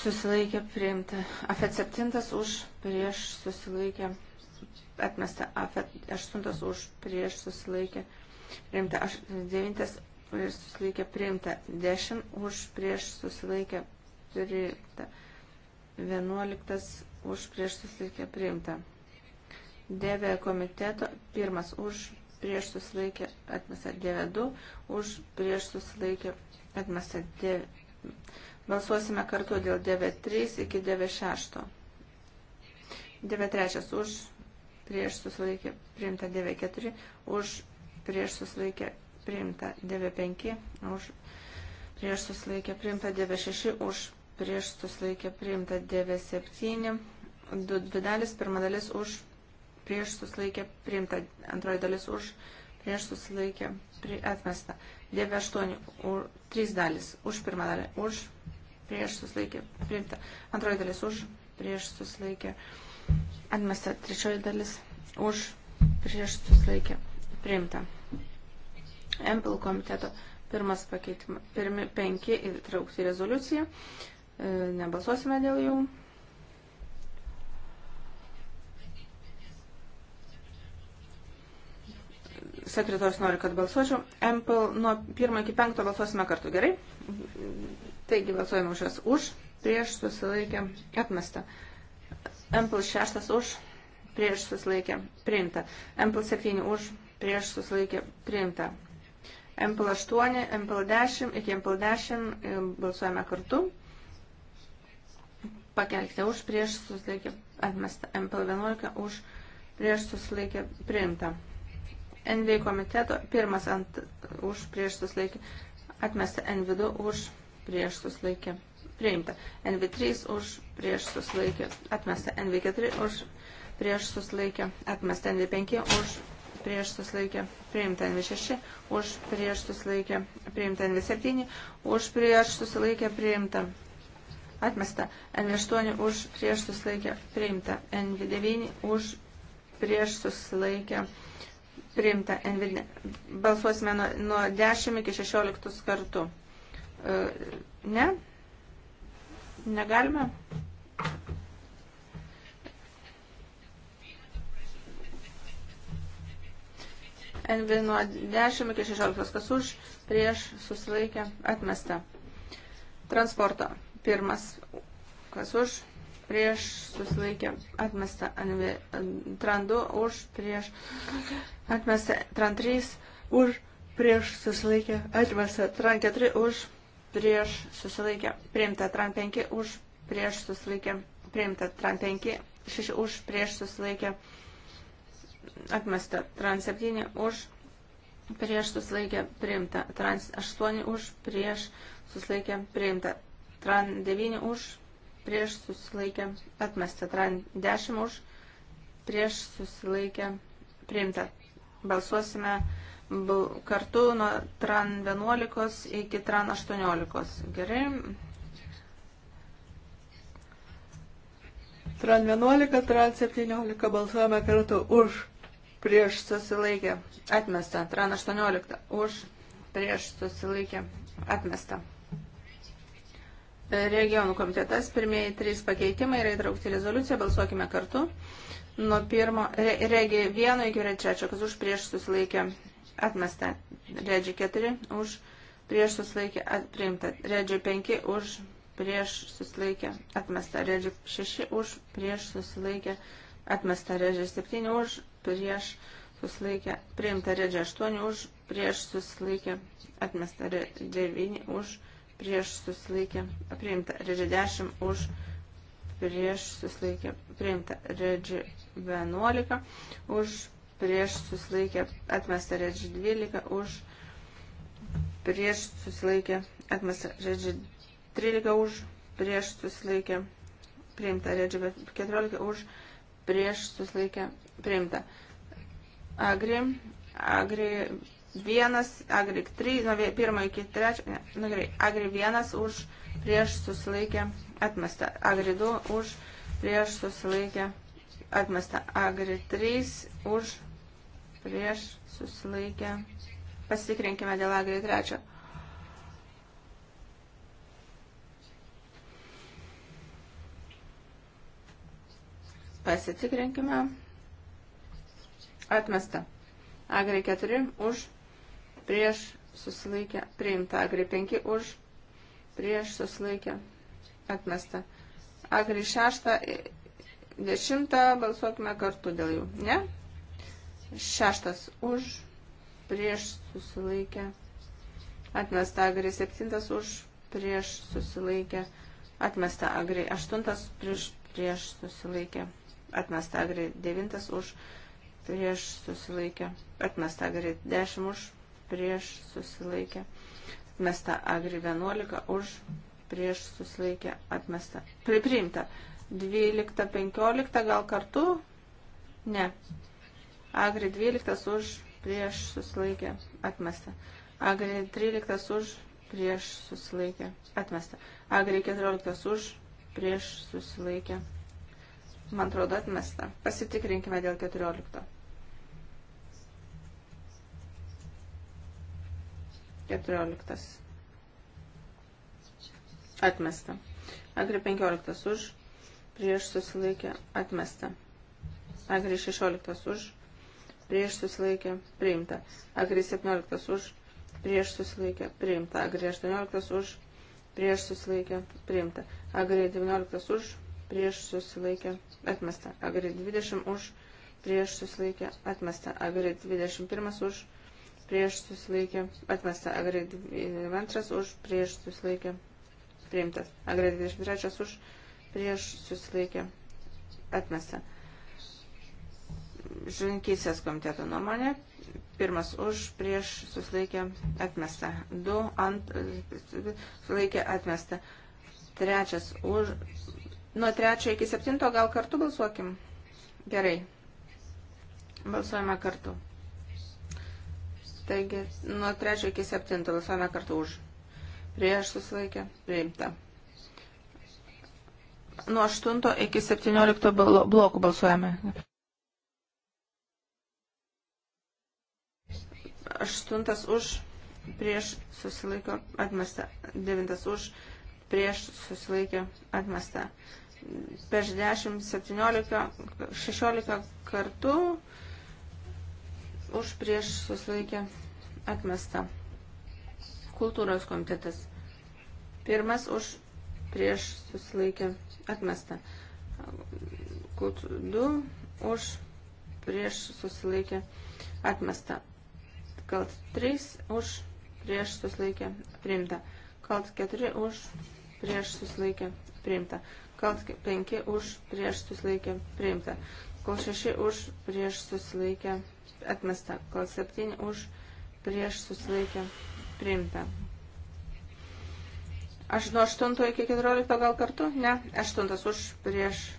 susilaikė priimta, AFET 7 už prieš susilaikė atmesta, AFET 8 už prieš susilaikė priimta, 9 prieš susilaikę priimta, 10 už prieš susilaikę priimta, 11 už prieš susilaikę priimta. Dėvė komiteto, pirmas už prieš susilaikę atmesta, dėvė 2 už prieš susilaikę atmesta, dėvė. Balsuosime kartu dėl 9.3 iki 9.6. 9.3 už prieš susilaikę priimta, 9.4 už prieš susilaikę priimta 95 už prieš susilaikę priimta 96 už prieš susilaikę priimta 97 du dvi dalis pirma dalis už prieš susilaikę priimta antroji dalis už prieš susilaikę pri, atmesta 98 už 3 dalis už pirmą dalį už prieš susilaikę priimta antroji dalis už prieš susilaikę atmesta trečioji dalis už prieš susilaikę priimta MPL komiteto pirmas pakeitimas, pirmi penki įtraukti rezoliuciją. E, nebalsuosime dėl jų. Sekretorius nori, kad balsuočiau. MPL nuo pirmo iki penkto balsuosime kartu gerai. Taigi balsuojame už jas už, prieš susilaikę atmestą. MPL šeštas už, prieš susilaikę priimta. MPL septyni už, prieš susilaikę priimta. MPL8, MPL10 iki MPL10 e, balsuojame kartu. Pakelkite už, prieš susilaikė atmesta. MPL11 už, prieš susilaikė priimta. NV komiteto pirmas ant, už, prieš susilaikė atmesta. NV2 už, prieš susilaikė priimta. NV3 už, prieš susilaikė atmesta. NV4 už, prieš susilaikė atmesta. NV5 už, prieš susilaikė priimta NV6, už prieš susilaikė priimta NV7, už prieš susilaikė priimta atmesta NV8, už prieš susilaikė priimta NV9, už prieš susilaikė priimta NV9. Balsuosime nuo, nuo 10 iki 16 kartų. E, ne? Negalime? NV nuo 10 iki 16, kas už, prieš, susilaikė, atmesta. Transporto, pirmas, kas už, prieš, susilaikė, atmesta. NV, tran 2, už, prieš, atmesta. Tran 3, už, prieš, susilaikė, atmesta. Tran 4, už, prieš, susilaikė, priimta. Tran 5, už, prieš, susilaikė, priimta. Tran 5, 6, už, prieš, susilaikė, atmesta atmesta, trans 7 už, prieš susilaikę priimta, trans 8 už, prieš susilaikę priimta, trans 9 už, prieš susilaikę atmesta, trans 10 už, prieš susilaikę priimta. Balsuosime kartu nuo tran 11 iki tran 18. Gerai. Tran 11, tran 17 balsuojame kartu už prieš susilaikę atmestą. Tran 18 už prieš susilaikę atmestą. Regionų komitetas, pirmieji trys pakeitimai yra įtraukti rezoliuciją, balsuokime kartu. Nuo pirmo, re, regi 1 iki regi 3, kas už prieš susilaikę atmestą. Regi 4 už prieš susilaikę priimtą. Regi 5 už prieš susilaikę atmestą. Regi 6 už prieš susilaikę atmestą. Regi 7 už prieš susilaikę priimta redžia 8 už prieš susilaikę atmesta redžia 9 už prieš susilaikę priimta redžia 10 už prieš susilaikę priimta redžia 11 už prieš susilaikę atmesta redžia 12 už prieš susilaikę atmesta redžia 13 už prieš susilaikę priimta redžia 14 už prieš susilaikę priimta. Agri, agri 1, agri 3, nuo 1 iki 3, ne, nu gerai, agri 1 už prieš susilaikę atmestą, agri 2 už prieš susilaikę atmestą, agri 3 už prieš susilaikę. Pasitikrinkime dėl agri 3. Pasitikrinkime. Atmesta. Agri 4 už, prieš susilaikę, priimta. Agri 5 už, prieš susilaikę, atmesta. Agri 6, 10 balsuokime kartu dėl jų. Ne? Šeštas už, prieš susilaikę, atmesta. Agri 7 už, prieš susilaikę, atmesta. Agri 8 prieš, prieš susilaikę, atmesta. Agri 9 už, prieš susilaikę prieš susilaikę, atmesta agri 10 už, prieš susilaikę, atmesta agri 11 už, prieš susilaikę, atmesta, pripriimta, 12-15 gal kartu, ne, agri 12 už, prieš susilaikę, atmesta, agri 13 už, prieš susilaikę, atmesta, agri 14 už, prieš susilaikę, atmesta Man atrodo atmesta. Pasitikrinkime dėl 14. 14. Atmesta. Agri 15 už, prieš susilaikė, atmesta. Agri 16 už, prieš susilaikė, priimta. Agri 17 už, prieš susilaikė, priimta. Agri 18 už, prieš susilaikė, priimta. Agri 19 už, prieš susilaikė, atmesta. Agri 20 už, prieš susilaikė, atmesta. Agri 21 už, prieš susilaikė, atmesta. Agri 22 už, prieš susilaikė, priimtas. Agri 23 už, prieš susilaikė, atmesta. Žininkysės komiteto nuomonė. Pirmas už, prieš susilaikė, atmesta. Du ant, susilaikė, atmesta. Trečias už, Nuo trečio iki septinto gal kartu balsuokim? Gerai. Balsuojame kartu. Taigi, nuo trečio iki septinto balsuojame kartu už. Prieš susilaikę. Priimta. Nuo aštunto iki septyniolikto blokų balsuojame. Aštuntas už. Prieš susilaiko atmesta. Devintas už. Prieš susilaikė atmesta. Atmesta prieš 10, 17, 16 kartų už prieš susilaikę atmesta. Kultūros komitetas. Pirmas už prieš susilaikę atmesta. Kult 2 už prieš susilaikę atmesta. Kalt 3 už prieš susilaikę priimta. Kalt 4 už prieš susilaikę priimta. Kalt 5 už prieš susilaikę priimta. Kol 6 už prieš susilaikę atmesta. Kol 7 už prieš susilaikę priimta. Aš nuo 8 iki 14 gal kartu? Ne. 8 už prieš.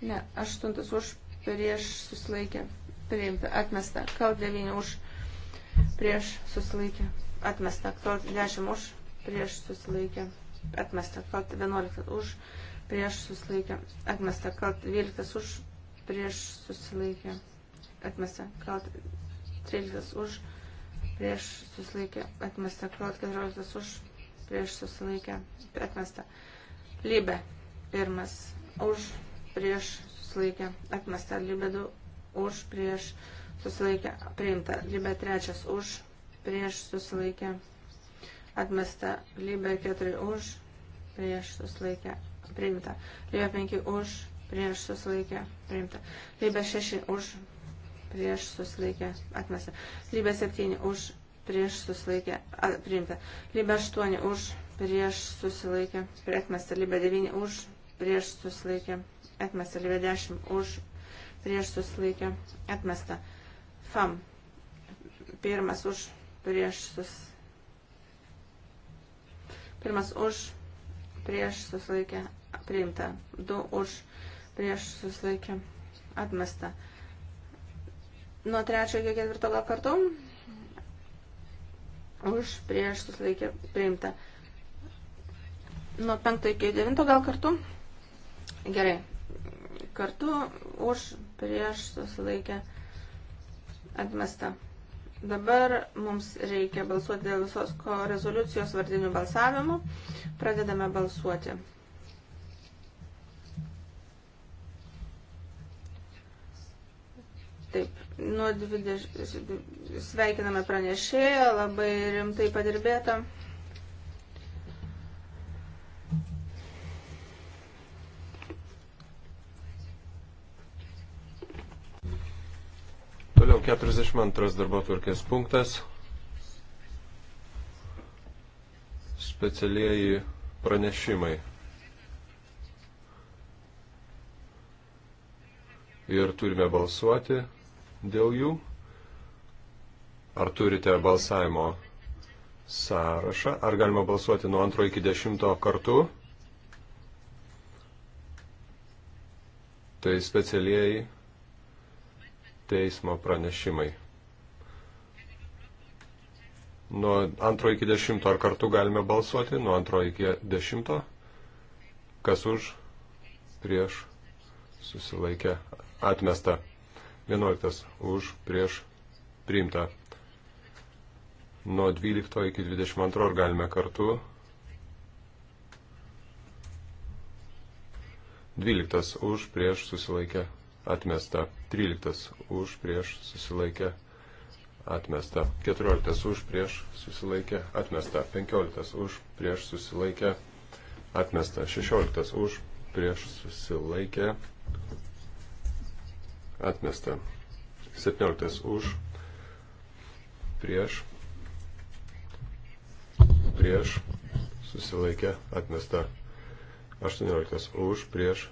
Ne. 8 už prieš susilaikę priimta. Atmesta. Kalt 9 už prieš susilaikę atmesta. Kalt 10 už prieš susilaikę atmesta. Kalt 11 už prieš susilaikę atmesta prieš susilaikė atmesta, kalt 12 už prieš susilaikė atmesta, kalt 13 už prieš susilaikė atmesta, kalt 14 už prieš susilaikė atmesta, lybė pirmas už prieš susilaikė atmesta, lybė 2 už prieš susilaikė priimta, lybė 3 už prieš susilaikė atmesta, lybė 4 už prieš susilaikė priimta. Lyga 5 už, prieš susilaikę, priimta. Lyga 6 už, prieš susilaikę, atmesta. Lyga 7 už, prieš susilaikę, priimta. Lyga 8 už, prieš susilaikę, atmesta. Lyga 9 už, prieš susilaikę, atmesta. Lyga 10 už, prieš susilaikę, atmesta. FAM. Pirmas už, prieš susilaikę. Pirmas už, prieš susilaikę priimta, 2 už, prieš susilaikė atmesta. Nuo 3 iki 4 gal kartu, už, prieš susilaikė priimta. Nuo 5 iki 9 gal kartu, gerai, kartu už, prieš susilaikė atmesta. Dabar mums reikia balsuoti dėl visos rezoliucijos vardinių balsavimų. Pradedame balsuoti. nuo 20, sveikiname pranešėją, labai rimtai padirbėta. Toliau 42 darbo tvarkės punktas. Specialieji pranešimai. Ir turime balsuoti dėl jų? Ar turite balsavimo sąrašą? Ar galima balsuoti nuo antro iki dešimto kartu? Tai specialieji teismo pranešimai. Nuo antro iki dešimto ar kartu galime balsuoti? Nuo antro iki dešimto? Kas už? Prieš? Susilaikę? Atmesta. 11 už prieš priimta. Nuo 12 iki 22 galime kartu. 12 už prieš susilaikę atmesta. 13 už prieš susilaikę atmesta. 14 už prieš susilaikę atmesta. 15 už prieš susilaikę atmesta. 16 už prieš susilaikę Atmesta. 17 už. Prieš. Prieš. Susilaikė. Atmesta. 18 už. Prieš.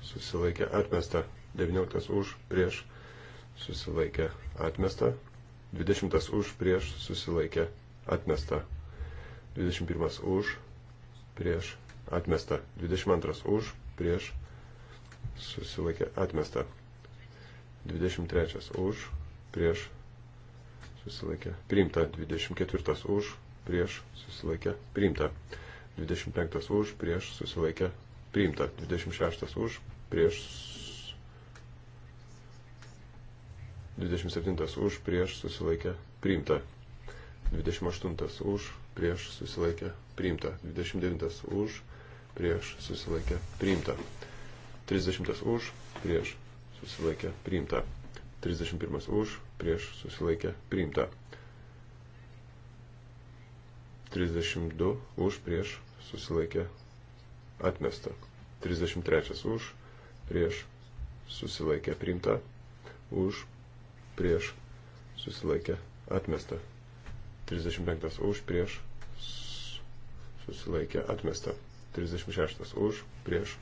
Susilaikė. Atmesta. 19 už. Prieš. Susilaikė. Atmesta. 20 už. Prieš. Susilaikė. Atmesta. 21 už. Prieš. Atmesta. 22 už. Prieš. Susilaikė. Atmesta. 23 už, prieš susilaikė priimta, 24 už, prieš susilaikė priimta, 25 už, prieš susilaikė priimta, 26 už, prieš 27 už, prieš susilaikė priimta, 28 už, prieš susilaikė priimta, 29 už, prieš susilaikė priimta, 30 už, prieš susilaikė priimta. 31 už, prieš susilaikė priimta. 32 už, prieš susilaikė atmesta. 33 už, prieš susilaikė priimta. Už, prieš susilaikė atmesta. 35 už, prieš susilaikė atmesta. 36 už, prieš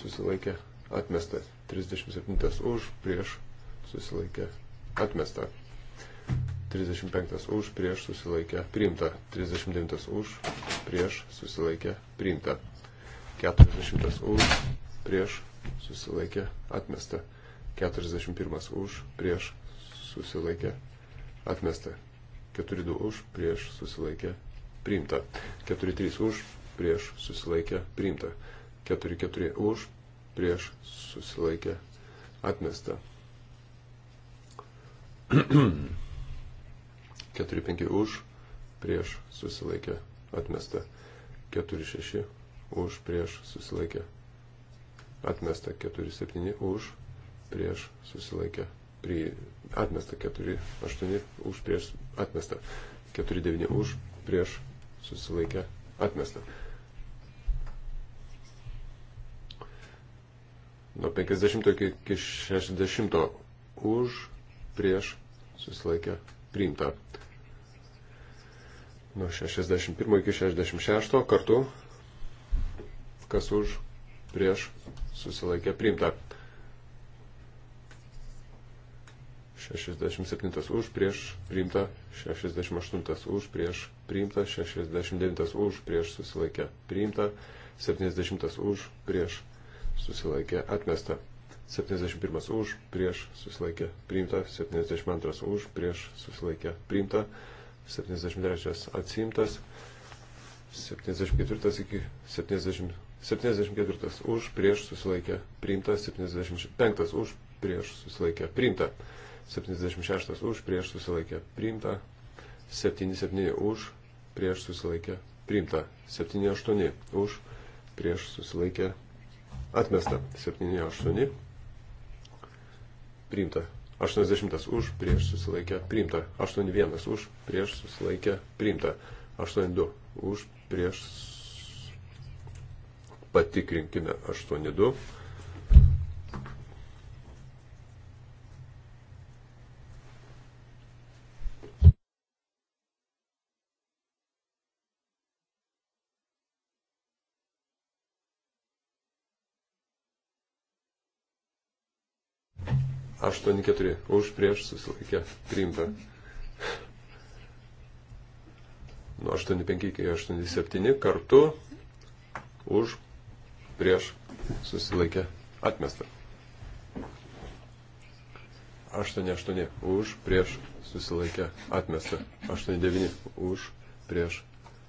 susilaikė atmesta atmesta. 37 už, prieš susilaikė atmesta. 35 už, prieš susilaikė priimta. 39 už, prieš susilaikė priimta. 40 už, prieš susilaikė atmesta. 41 už, prieš susilaikė atmesta. 4-2 už, prieš susilaikė priimta. 4-3 už, prieš susilaikė priimta. 4-4 už, prieš susilaikė atmesta. 4-5 už prieš susilaikė atmesta. 4-6 už prieš susilaikė atmesta. 4-7 už prieš susilaikė pri, atmesta. 4-8 už prieš atmesta. 4-9 už prieš susilaikė atmesta. nuo 50 iki 60 už, prieš, susilaikė, priimta. Nuo 61 iki 66 kartu, kas už, prieš, susilaikė, priimta. 67 už, prieš, priimta, 68 už, prieš, priimta, 69 už, prieš, susilaikė, priimta, 70 už, prieš, susilaikė atmesta. 71 už, prieš susilaikė priimta. 72 už, prieš susilaikė priimta. 73 atsimtas. 74 iki 70. 74 už, prieš susilaikė priimta. 75 už, prieš susilaikė priimta. 76 už, prieš susilaikė priimta. 77 už, prieš susilaikė priimta. 78 už, prieš susilaikė priimta Atmesta. 7-8. Priimta. 80 už, prieš susilaikę, priimta. 81 už, prieš susilaikę, priimta. 82 už, prieš patikrinkime 82. 84 už prieš susilaikė priimta. Nuo 85 iki 87 kartu už prieš susilaikė atmesta. 88 už prieš susilaikė atmesta. 89 už prieš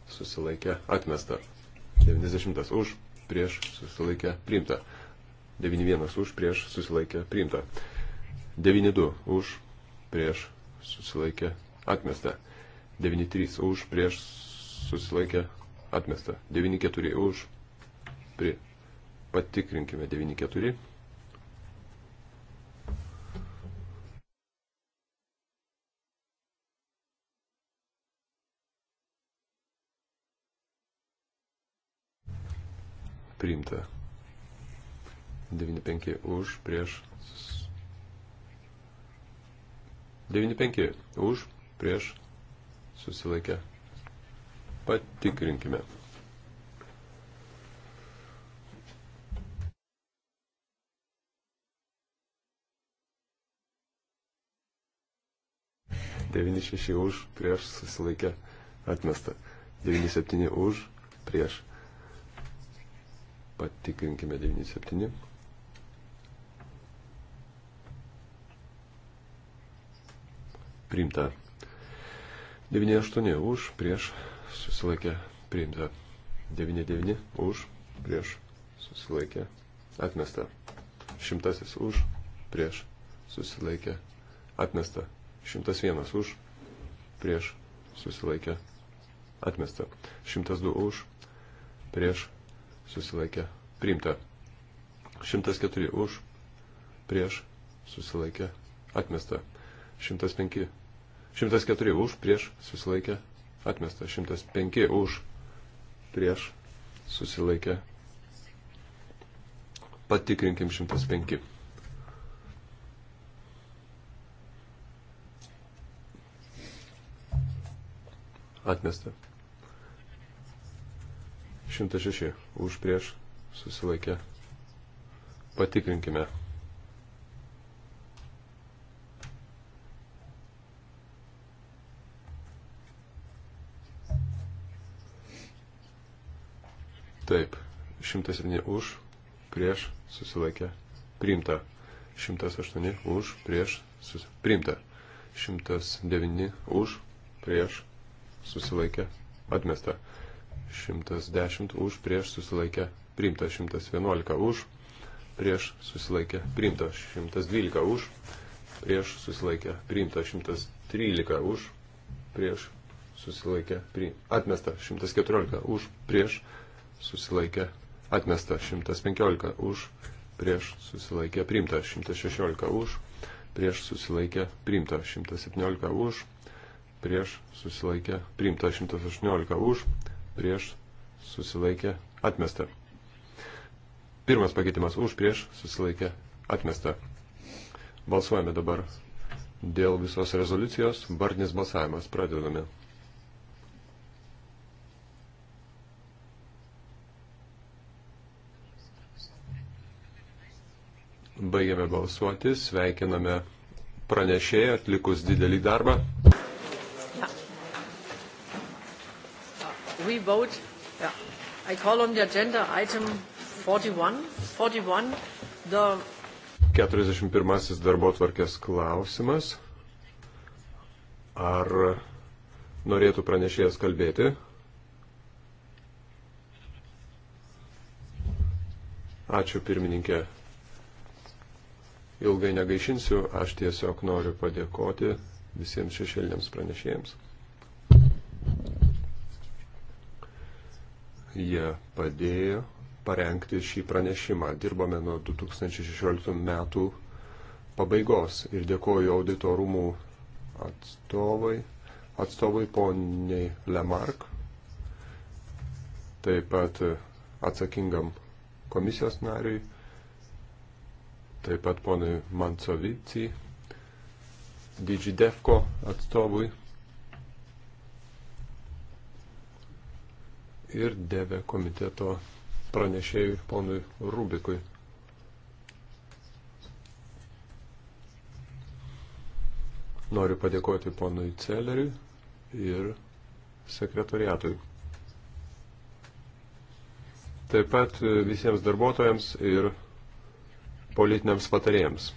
susilaikė atmesta. 90 už prieš susilaikė priimta. 91 už prieš susilaikė priimta. 9-2 už prieš susilaikė atmesta. 9-3 už prieš susilaikė atmesta. 9-4 už prie. Patikrinkime 9-4. Priimta. 9-5 už prieš susilaikė 95 už, prieš, susilaikę. Patikrinkime. Devyni šeši už, prieš, susilaikę, atmesta. Devyni septyni už, prieš. Patikrinkime devyni septyni. priimta. 98 už, prieš, susilaikė, priimta. 99 už, prieš, susilaikė, atmesta. Šimtasis už, prieš, susilaikė, atmesta. Šimtas vienas už, prieš, susilaikė, atmesta. Šimtas du už, prieš, susilaikė, priimta. Šimtas keturi už, prieš, susilaikė, atmesta. Šimtas penki 104 už, prieš, susilaikė, atmesta. 105 už, prieš, susilaikė. Patikrinkim 105. Atmesta. 106 už, prieš, susilaikė. Patikrinkime. Taip, 107 už, prieš, susilaikė, priimta. 108 už, prieš, susilaikė, priimta. 109 už, prieš, susilaikė, atmesta. 110 už, prieš, susilaikė, priimta. 111 už, prieš, susilaikė, priimta. 112 už, prieš, susilaikė, priimta. 113 už, prieš, susilaikė, pri... atmesta. 114 už, prieš, susilaikė susilaikė atmesta 115 už, prieš susilaikė priimta 116 už, prieš susilaikė priimta 117 už, prieš susilaikė priimta 118 už, prieš susilaikė atmesta. Pirmas pakeitimas už, prieš susilaikė atmesta. Balsuojame dabar dėl visos rezoliucijos, vardinis balsavimas pradedame. Baigėme balsuoti, sveikiname pranešėją atlikus didelį darbą. Uh, we vote. Yeah. I call on the agenda item 41. 41 the 41 darbo tvarkės klausimas. Ar norėtų pranešėjas kalbėti? Ačiū pirmininkė ilgai negaišinsiu, aš tiesiog noriu padėkoti visiems šešėliniams pranešėjams. Jie padėjo parengti šį pranešimą. Dirbame nuo 2016 metų pabaigos ir dėkoju auditorumų atstovai, atstovai poniai Lemark, taip pat atsakingam komisijos nariui taip pat ponui Mancovici, Digidefko atstovui ir Deve komiteto pranešėjui ponui Rubikui. Noriu padėkoti ponui Celeriui ir sekretoriatui. Taip pat visiems darbuotojams ir politiniams patarėjams.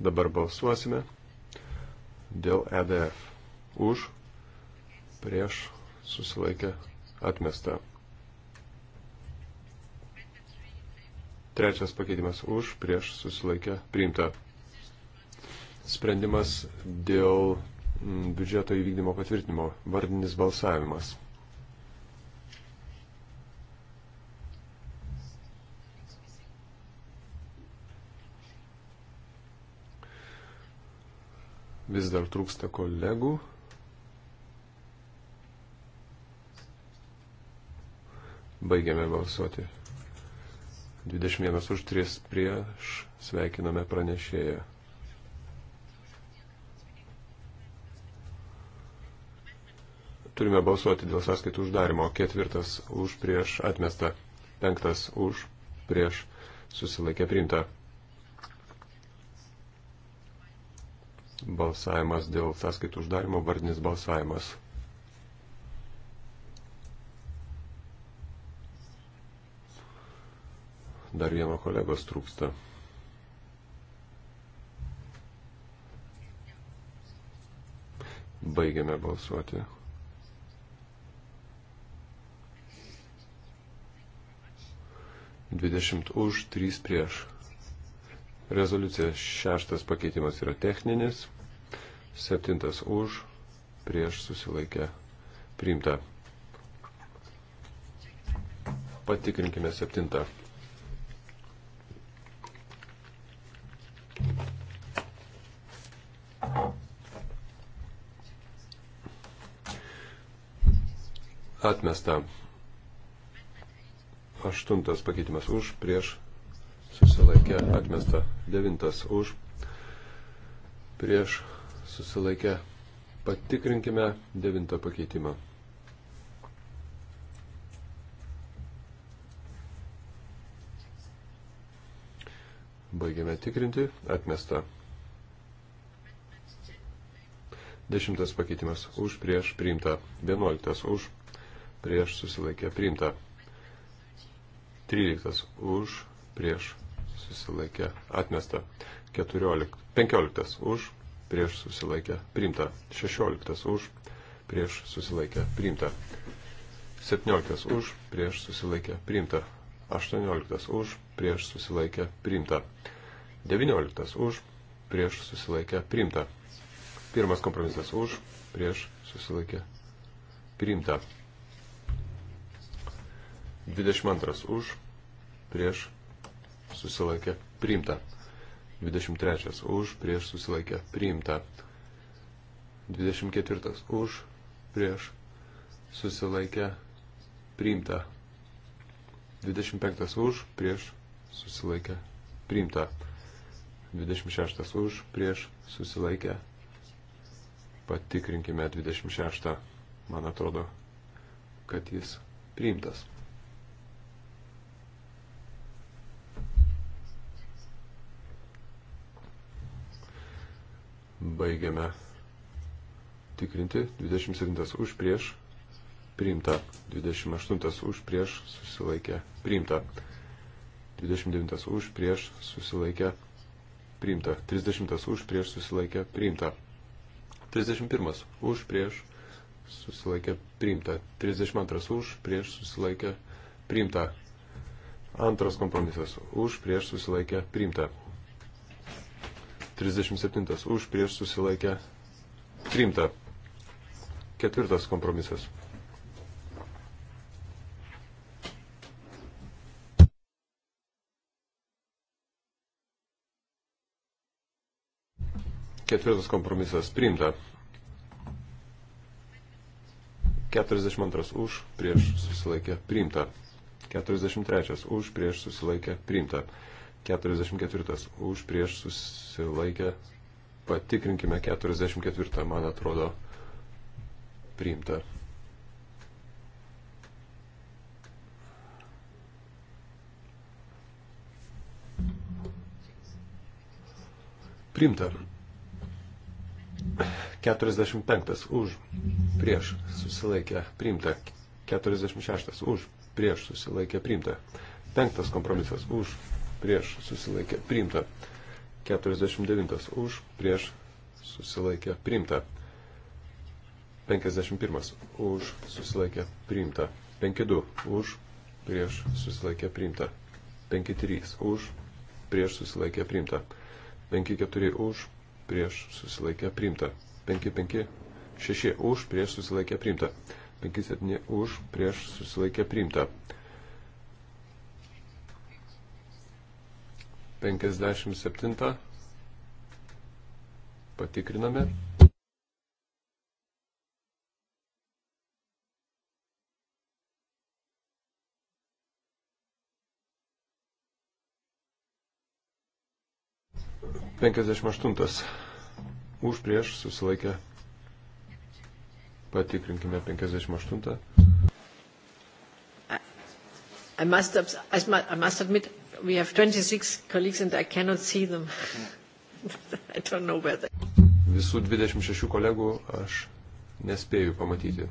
Dabar balsuosime dėl EDF. Už, prieš, susilaikę, atmesta. Trečias pakeitimas už, prieš, susilaikę, priimta. Sprendimas dėl biudžeto įvykdymo patvirtinimo, vardinis balsavimas. Vis dar trūksta kolegų. Baigiame balsuoti. 21 už 3 prieš. Sveikiname pranešėją. Turime balsuoti dėl sąskaitų uždarimo. Ketvirtas už prieš atmestą. Penktas už prieš susilaikė priimta. balsavimas dėl sąskaitų uždarimo, vardinis balsavimas. Dar vieno kolegos trūksta. Baigiame balsuoti. Dvidešimt už, trys prieš rezoliucija. Šeštas pakeitimas yra techninis. Septintas už, prieš susilaikę priimta. Patikrinkime septintą. Atmesta. Aštuntas pakeitimas už, prieš susilaikė atmesta. Devintas už, prieš susilaikė. Patikrinkime devintą pakeitimą. Baigiame tikrinti. Atmesta. Dešimtas pakeitimas už prieš priimta. Vienuoliktas už prieš susilaikė priimta. Tryliktas už prieš susilaikė atmesta. 14, 15 už, prieš susilaikė priimta. 16 už, prieš susilaikė priimta. 17 už, prieš susilaikė priimta. 18 už, prieš susilaikė priimta. 19 už, prieš susilaikė priimta. Pirmas kompromisas už, prieš susilaikė priimta. 22 už, prieš susilaikė priimta. 23 už prieš susilaikė priimta. 24 už prieš susilaikė priimta. 25 už prieš susilaikė priimta. 26 už prieš susilaikė. Patikrinkime 26. Man atrodo, kad jis priimtas. Baigiame tikrinti. 27 už prieš priimta. 28 už prieš susilaikė priimta. 29 už prieš susilaikė priimta. 30 už prieš susilaikė priimta. 31 už prieš susilaikė priimta. 32 už prieš susilaikė priimta. Antras kompromisas už prieš susilaikė priimta. 37 už prieš susilaikę priimta. Ketvirtas kompromisas. Ketvirtas kompromisas priimta. 42 už prieš susilaikę priimta. 43 už prieš susilaikę priimta. 44 už prieš susilaikę. Patikrinkime 44, man atrodo, priimta. Priimta. 45 už prieš susilaikę priimta. 46 už prieš susilaikę priimta. 5 kompromisas už prieš susilaikė priimta. 49 už, prieš susilaikė priimta. 51 už, susilaikė priimta. 52 už, prieš susilaikė priimta. 53 už, prieš susilaikė priimta. 54 už, prieš susilaikė priimta. 55 6 už, prieš susilaikė priimta. 57 už, prieš susilaikė priimta. 5, 5, 6, už, prieš susilaikė priimta. 57. Patikriname. Penkiasdešimt aštuntas. Už prieš susilaikę. Patikrinkime 58. I must have, I must have admit we have 26 colleagues and I cannot see them. I don't know where they are. Visų 26 kolegų aš nespėju pamatyti.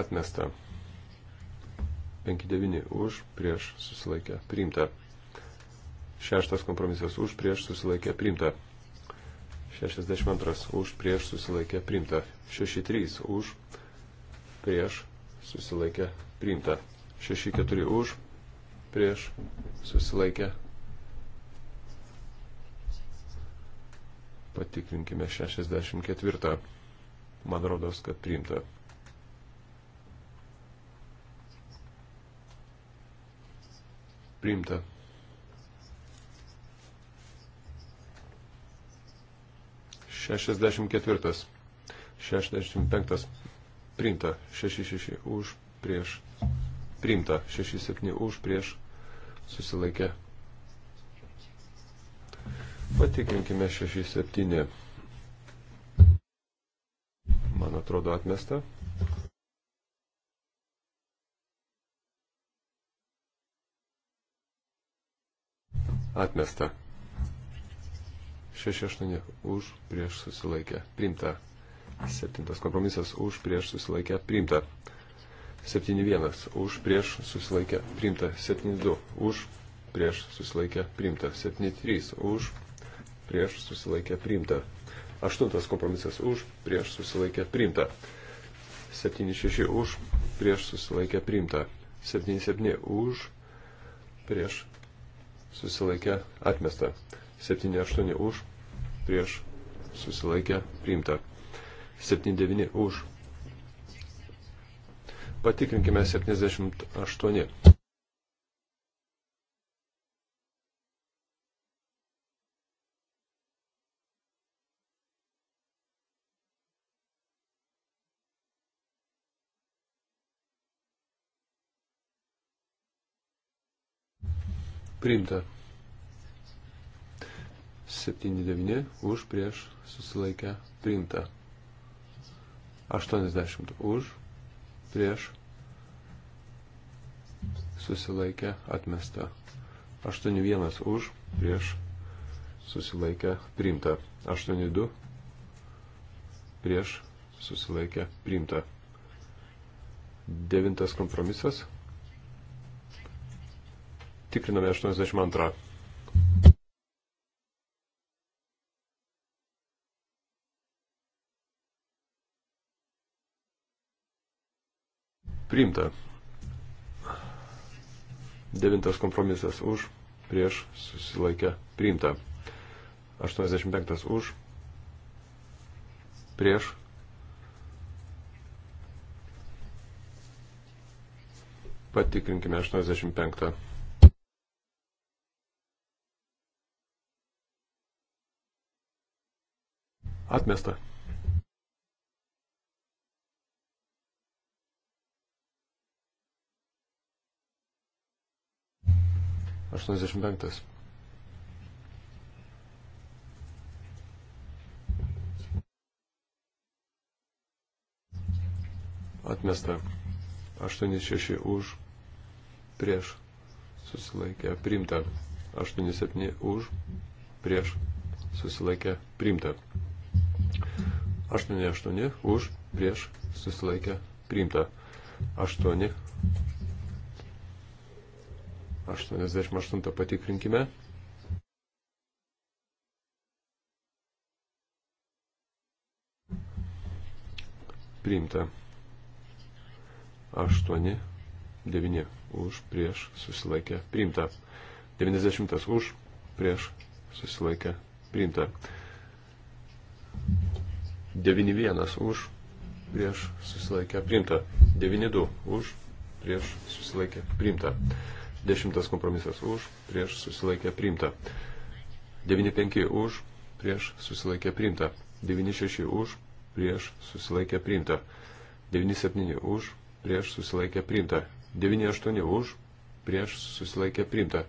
Atmesta. 5-9 už, prieš susilaikę, priimta. Šeštas kompromisas už, prieš susilaikę, priimta. 62 už, prieš susilaikę, priimta. 6-3 už, prieš susilaikę, priimta. 6-4 už, prieš susilaikę. Patikrinkime 64. Man rodos, kad priimta. Priimta. Šešiasdešimt ketvirtas. Šešiasdešimt penktas. Priimta. Šeši šeši už prieš priimta 6-7 už prieš susilaikę. Patikrinkime 6-7. Man atrodo atmesta. Atmesta. 6-8 už prieš susilaikę. Priimta. Septintas kompromisas už prieš susilaikę. Priimta. 71 už prieš susilaikę priimta 72 už prieš susilaikę priimta 73 už prieš susilaikę priimta 8 kompromisas už prieš susilaikę priimta 76 už prieš susilaikę priimta 77 už prieš susilaikę atmesta 78 už prieš susilaikę priimta 79 už Patikrinkime 78. Priimta. 79 už prieš susilaikę priimta. 80 už prieš susilaikė atmesta. 81 už prieš susilaikė priimta. 82 prieš susilaikė priimta. Devintas kompromisas. Tikriname 82. Priimta. Devintas kompromisas už, prieš, susilaikę, priimta. 85 už, prieš. Patikrinkime 85. Atmesta. 85. Atmesta. 86 už. Prieš. Susilaikė. Primta. 87 už. Prieš. Susilaikė. Primta. 88 už. Prieš. Susilaikė. Primta. 8 88 patikrinkime. Priimta. 8, 9 už, prieš, susilaikė, priimta. 90 už, prieš, susilaikė, priimta. 91 už, prieš, susilaikė, priimta. 92 už, prieš, susilaikė, priimta. Dešimtas kompromisas už, prieš susilaikė priimta. 95 už, prieš susilaikė priimta. 96 už, prieš susilaikė priimta. 97 už, prieš susilaikė priimta. 98 už, prieš susilaikė priimta.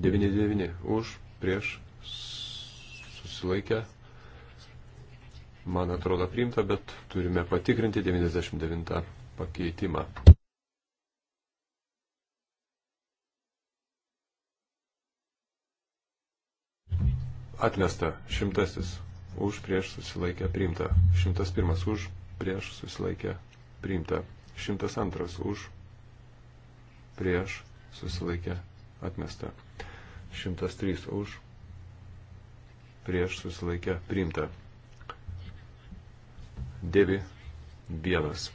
99 už, prieš susilaikė. Man atrodo priimta, bet turime patikrinti 99 pakeitimą. Atmesta. Šimtasis. Už prieš susilaikę priimta. Šimtas pirmas. Už prieš susilaikę priimta. Šimtas antras. Už prieš susilaikę atmesta. Šimtas trys. Už prieš susilaikę priimta. Devi vienas.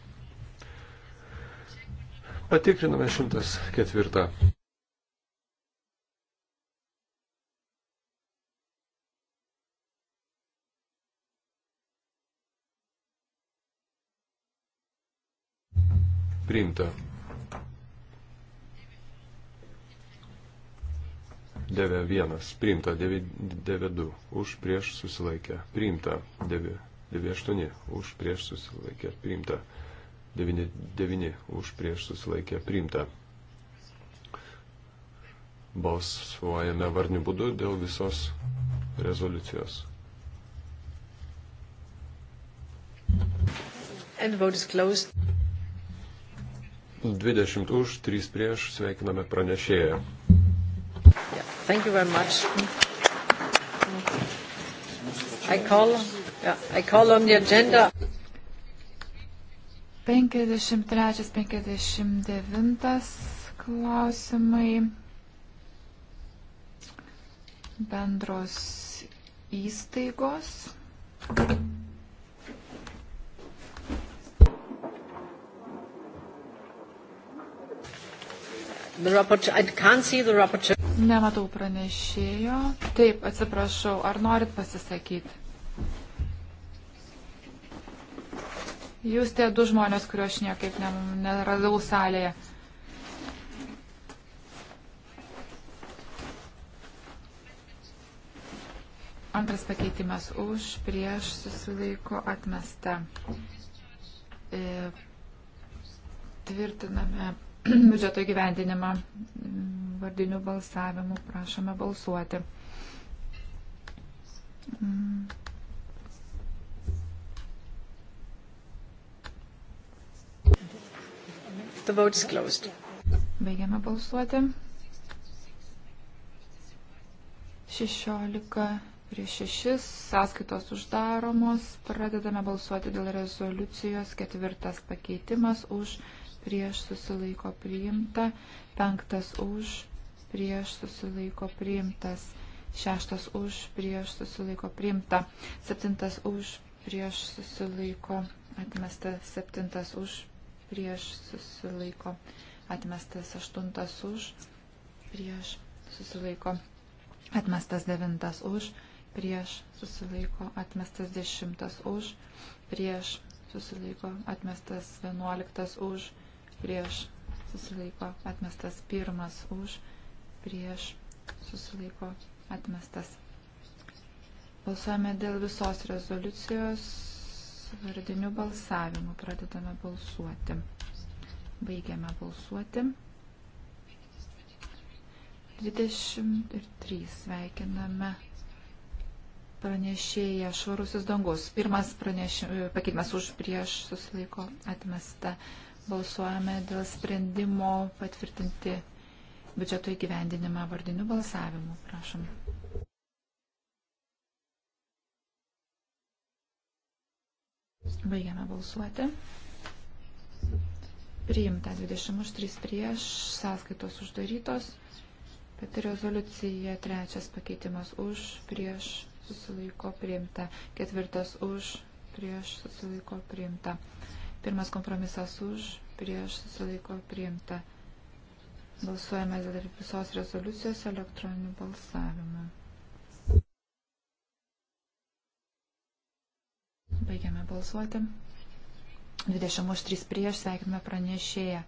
Patikriname šimtas ketvirtą. priimta. 9.1 priimta, 9.2 už prieš susilaikę priimta, 9.8 už prieš susilaikę priimta, 9.9 už prieš susilaikę priimta. Balsuojame varnių būdu dėl visos rezoliucijos. And vote is closed. 20 už, 3 prieš, sveikiname pranešėją. Yeah, 53-59 klausimai bendros įstaigos. Thank you. Nematau pranešėjo. Taip, atsiprašau, ar norit pasisakyti? Jūs tie du žmonės, kuriuo aš niekaip ne, neradau salėje. Antras pakeitimas už, prieš, susilaiko, atmesta. E, tvirtiname biudžeto gyvendinimą. Mm, Vardiniu balsavimu prašome balsuoti. Mm. The vote is closed. Baigiame balsuoti. 16 prieš 6 sąskaitos uždaromos. Pradedame balsuoti dėl rezoliucijos ketvirtas pakeitimas už 16 prieš susilaiko priimta, penktas už, prieš susilaiko priimtas, šeštas už, prieš susilaiko priimta, septintas už, prieš susilaiko atmesta, septintas už, prieš susilaiko atmestas, aštuntas už, prieš susilaiko atmestas, devintas už, prieš susilaiko atmestas, dešimtas už, prieš susilaiko atmestas, vienuoliktas už, prieš prieš susilaiko atmestas pirmas už, prieš susilaiko atmestas. Balsuojame dėl visos rezoliucijos vardinių balsavimų. Pradedame balsuoti. Baigiame balsuoti. 23 sveikiname pranešėja švarusis dangus. Pirmas pakeitimas už prieš susilaiko atmesta balsuojame dėl sprendimo patvirtinti biudžeto įgyvendinimą vardiniu balsavimu. Prašom. Baigiame balsuoti. Priimta 20 už 3 prieš, sąskaitos uždarytos, pati rezoliucija, trečias pakeitimas už, prieš, susilaiko priimta, ketvirtas už, prieš, susilaiko priimta. Pirmas kompromisas už, prieš susilaiko priimta. Balsuojame dėl visos rezoliucijos elektroniniu balsavimu. Baigiame balsuoti. 20 už 3 prieš sveikiname pranešėją.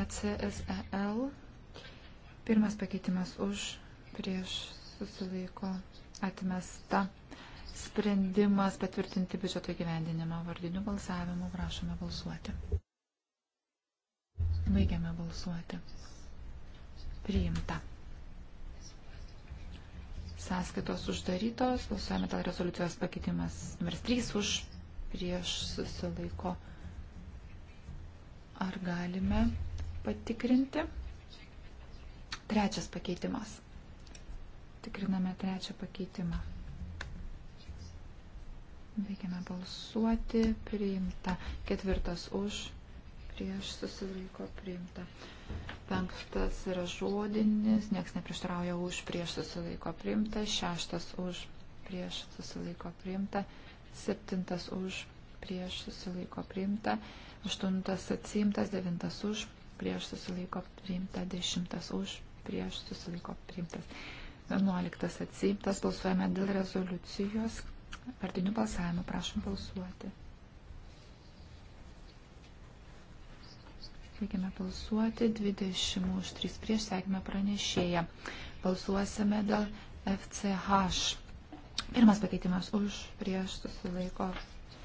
ECSEL. Pirmas pakeitimas už prieš susilaiko atmesta sprendimas patvirtinti biudžeto gyvendinimą vardiniu balsavimu. Prašome balsuoti. Baigiame balsuoti. Priimta. Sąskaitos uždarytos. Balsuojame dėl rezoliucijos pakeitimas numeris 3 už prieš susilaiko. Ar galime patikrinti? Trečias pakeitimas. Tikriname trečią pakeitimą. Baigiame balsuoti. Priimta. Ketvirtas už. Prieš susilaiko priimta. Penktas yra žodinis. Niekas neprieštarauja už. Prieš susilaiko priimta. Šeštas už. Prieš susilaiko priimta. Septintas už. Prieš susilaiko priimta. Aštuntas atsimtas. Devintas už. Prieš susilaiko priimta. Dešimtas už. Prieš susilaiko priimtas. Vienuoliktas atsimtas. Balsuojame dėl rezoliucijos Vardiniu balsavimu prašom balsuoti. Baigiame balsuoti 20 už 3 prieš, sekime pranešėją. Balsuosime dėl FCH. Pirmas pakeitimas už prieš susilaiko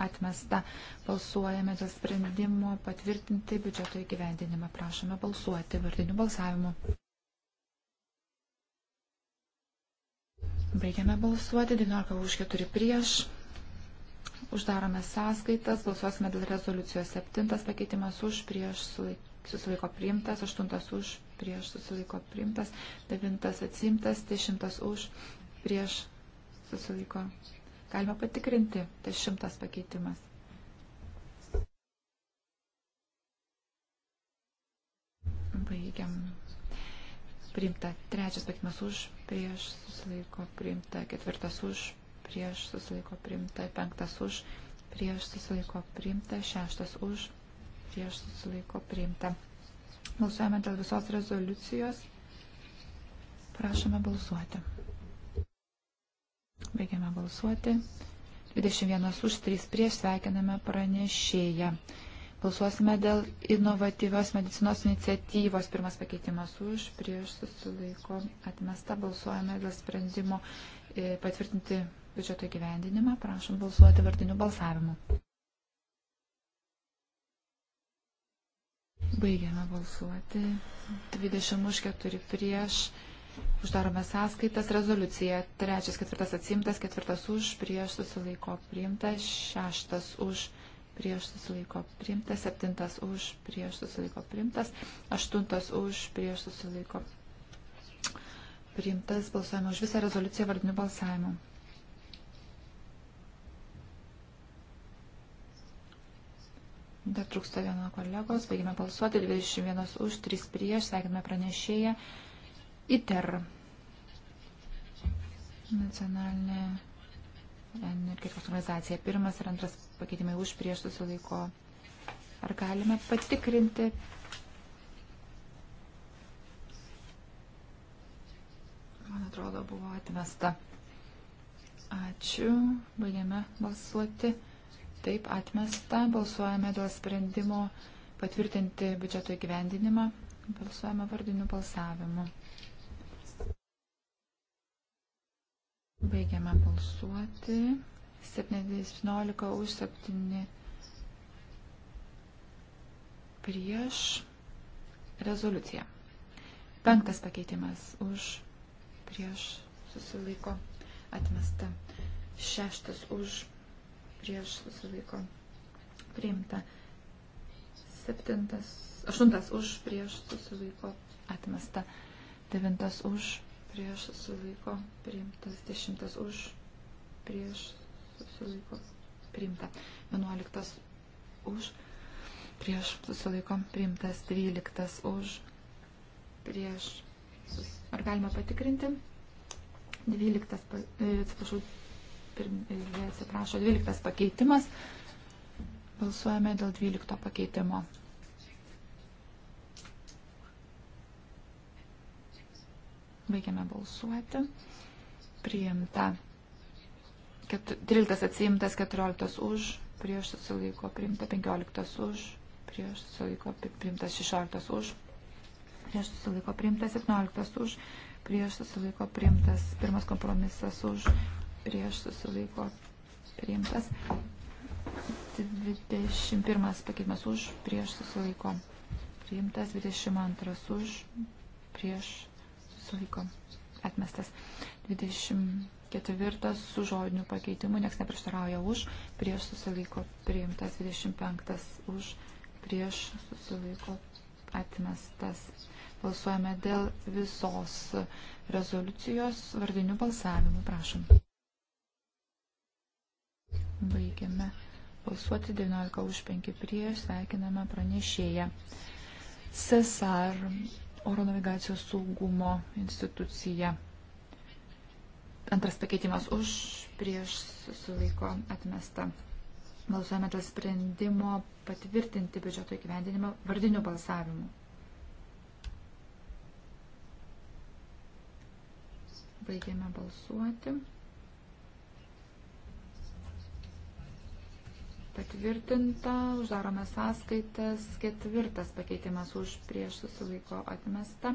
atmesta. Balsuojame dėl sprendimo patvirtinti biudžeto įgyvendinimą. Prašome balsuoti vardiniu balsavimu. Baigiame balsuoti. 19 už 4 prieš. Uždarome sąskaitas. Balsuosime dėl rezoliucijos. 7 pakeitimas už prieš susilaiko priimtas. 8 už prieš susilaiko priimtas. 9 atsimtas. 10 už prieš susilaiko. Galima patikrinti. 10 pakeitimas. Baigiam priimta. Trečias pakeitimas už, prieš susilaiko priimta. Ketvirtas už, prieš susilaiko priimta. Penktas už, prieš susilaiko priimta. Šeštas už, prieš susilaiko priimta. Balsuojame dėl visos rezoliucijos. Prašome balsuoti. Baigiame balsuoti. 21 už 3 prieš sveikiname pranešėją. Balsuosime dėl inovatyvios medicinos iniciatyvos. Pirmas pakeitimas už, prieš susilaiko atmesta. Balsuojame dėl sprendimo e, patvirtinti biudžeto įgyvendinimą. Prašom balsuoti vardiniu balsavimu. Baigiame balsuoti. 20 už 4 prieš. Uždarome sąskaitas. Rezoliucija. Trečias, ketvirtas atsimtas, ketvirtas už, prieš susilaiko priimta, šeštas už prieš susilaiko priimtas, septintas už prieš susilaiko priimtas, aštuntas už prieš susilaiko priimtas, balsuojame už visą rezoliuciją vardiniu balsavimu. Dar trūksta vieno kolegos, baigime balsuoti, 21 už, 3 prieš, sveikiname pranešėją. ITER. Nacionalinė energetikos organizacija. Pirmas ir antras pakeitimai už prieš susilaiko. Ar galime patikrinti? Man atrodo, buvo atmesta. Ačiū. Baigiame balsuoti. Taip, atmesta. Balsuojame dėl sprendimo patvirtinti biudžeto įgyvendinimą. Balsuojame vardiniu balsavimu. Baigiame balsuoti. 17 už 7 prieš rezoliuciją. Penktas pakeitimas už prieš susilaiko atmesta. Šeštas už prieš susilaiko priimta. Septintas, aštuntas už prieš susilaiko atmesta. Devintas už prieš susilaiko priimtas, 10 už prieš susilaiko priimta, 11 už prieš susilaiko priimtas, 12 už prieš. Ar galima patikrinti? 12, e, atsiprašau, e, atsiprašau, 12 pakeitimas. Balsuojame dėl 12 pakeitimo. Baigiame balsuoti. Priimta. 13 atsiimtas, 14 už, prieš susilaiko priimta, 15 už, prieš susilaiko priimta, 16 už, prieš susilaiko priimta, 17 už, prieš susilaiko priimtas, pirmas kompromisas už, prieš susilaiko priimtas, 21 pakeitimas už, prieš susilaiko priimtas, 22 už, prieš suvyko atmestas. 24 su žodiniu pakeitimu, nieks neprieštarauja už, prieš susilaiko priimtas. 25 už, prieš susilaiko atmestas. Balsuojame dėl visos rezoliucijos vardinių balsavimų. Prašom. Baigiame balsuoti 19 už 5 prieš, sveikiname pranešėją. Cesar oro navigacijos saugumo institucija. Antras pakeitimas už, prieš susilaiko atmesta. Balsuojame dėl sprendimo patvirtinti biudžeto įgyvendinimą vardiniu balsavimu. Baigėme balsuoti. patvirtinta, uždarome sąskaitas, ketvirtas pakeitimas už prieš susilaiko atmesta,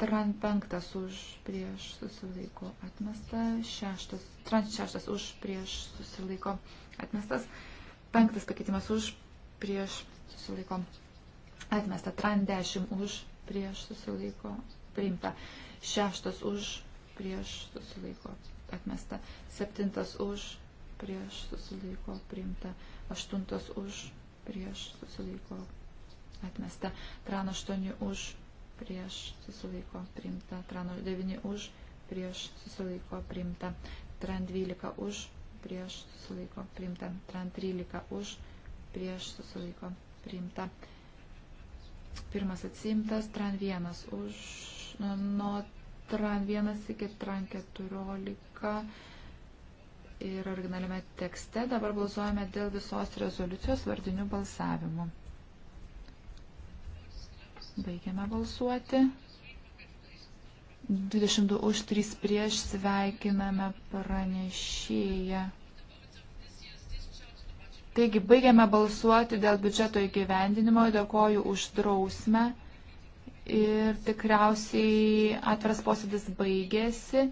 tran penktas už prieš susilaiko atmesta, šeštas, trans šeštas už prieš susilaiko atmestas, penktas pakeitimas už prieš susilaiko atmesta, tran dešimt už prieš susilaiko priimta, šeštas už prieš susilaiko atmesta, septintas už prieš susilaiko priimta, aštuntas už prieš susilaiko atmesta, trano aštuoni už prieš susilaiko priimta, trano devyni už prieš susilaiko priimta, tran dvylika už prieš susilaiko priimta, tran trylika už prieš susilaiko priimta. Pirmas atsimtas, tran vienas už, nu, nuo tran vienas iki tran keturiolika ir originaliame tekste. Dabar balsuojame dėl visos rezoliucijos vardinių balsavimų. Baigiame balsuoti. 22 už 3 prieš sveikiname pranešėją. Taigi baigiame balsuoti dėl biudžeto įgyvendinimo, dėkoju už drausmę ir tikriausiai atviras posėdis baigėsi.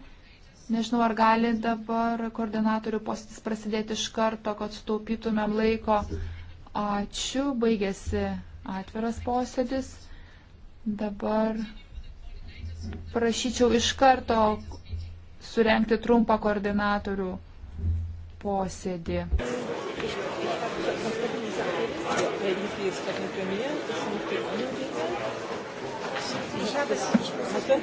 Nežinau, ar gali dabar koordinatorių postis prasidėti iš karto, kad sutaupytumėm laiko. Ačiū, baigėsi atviras posėdis. Dabar prašyčiau iš karto surenkti trumpą koordinatorių posėdį. Ich habe es.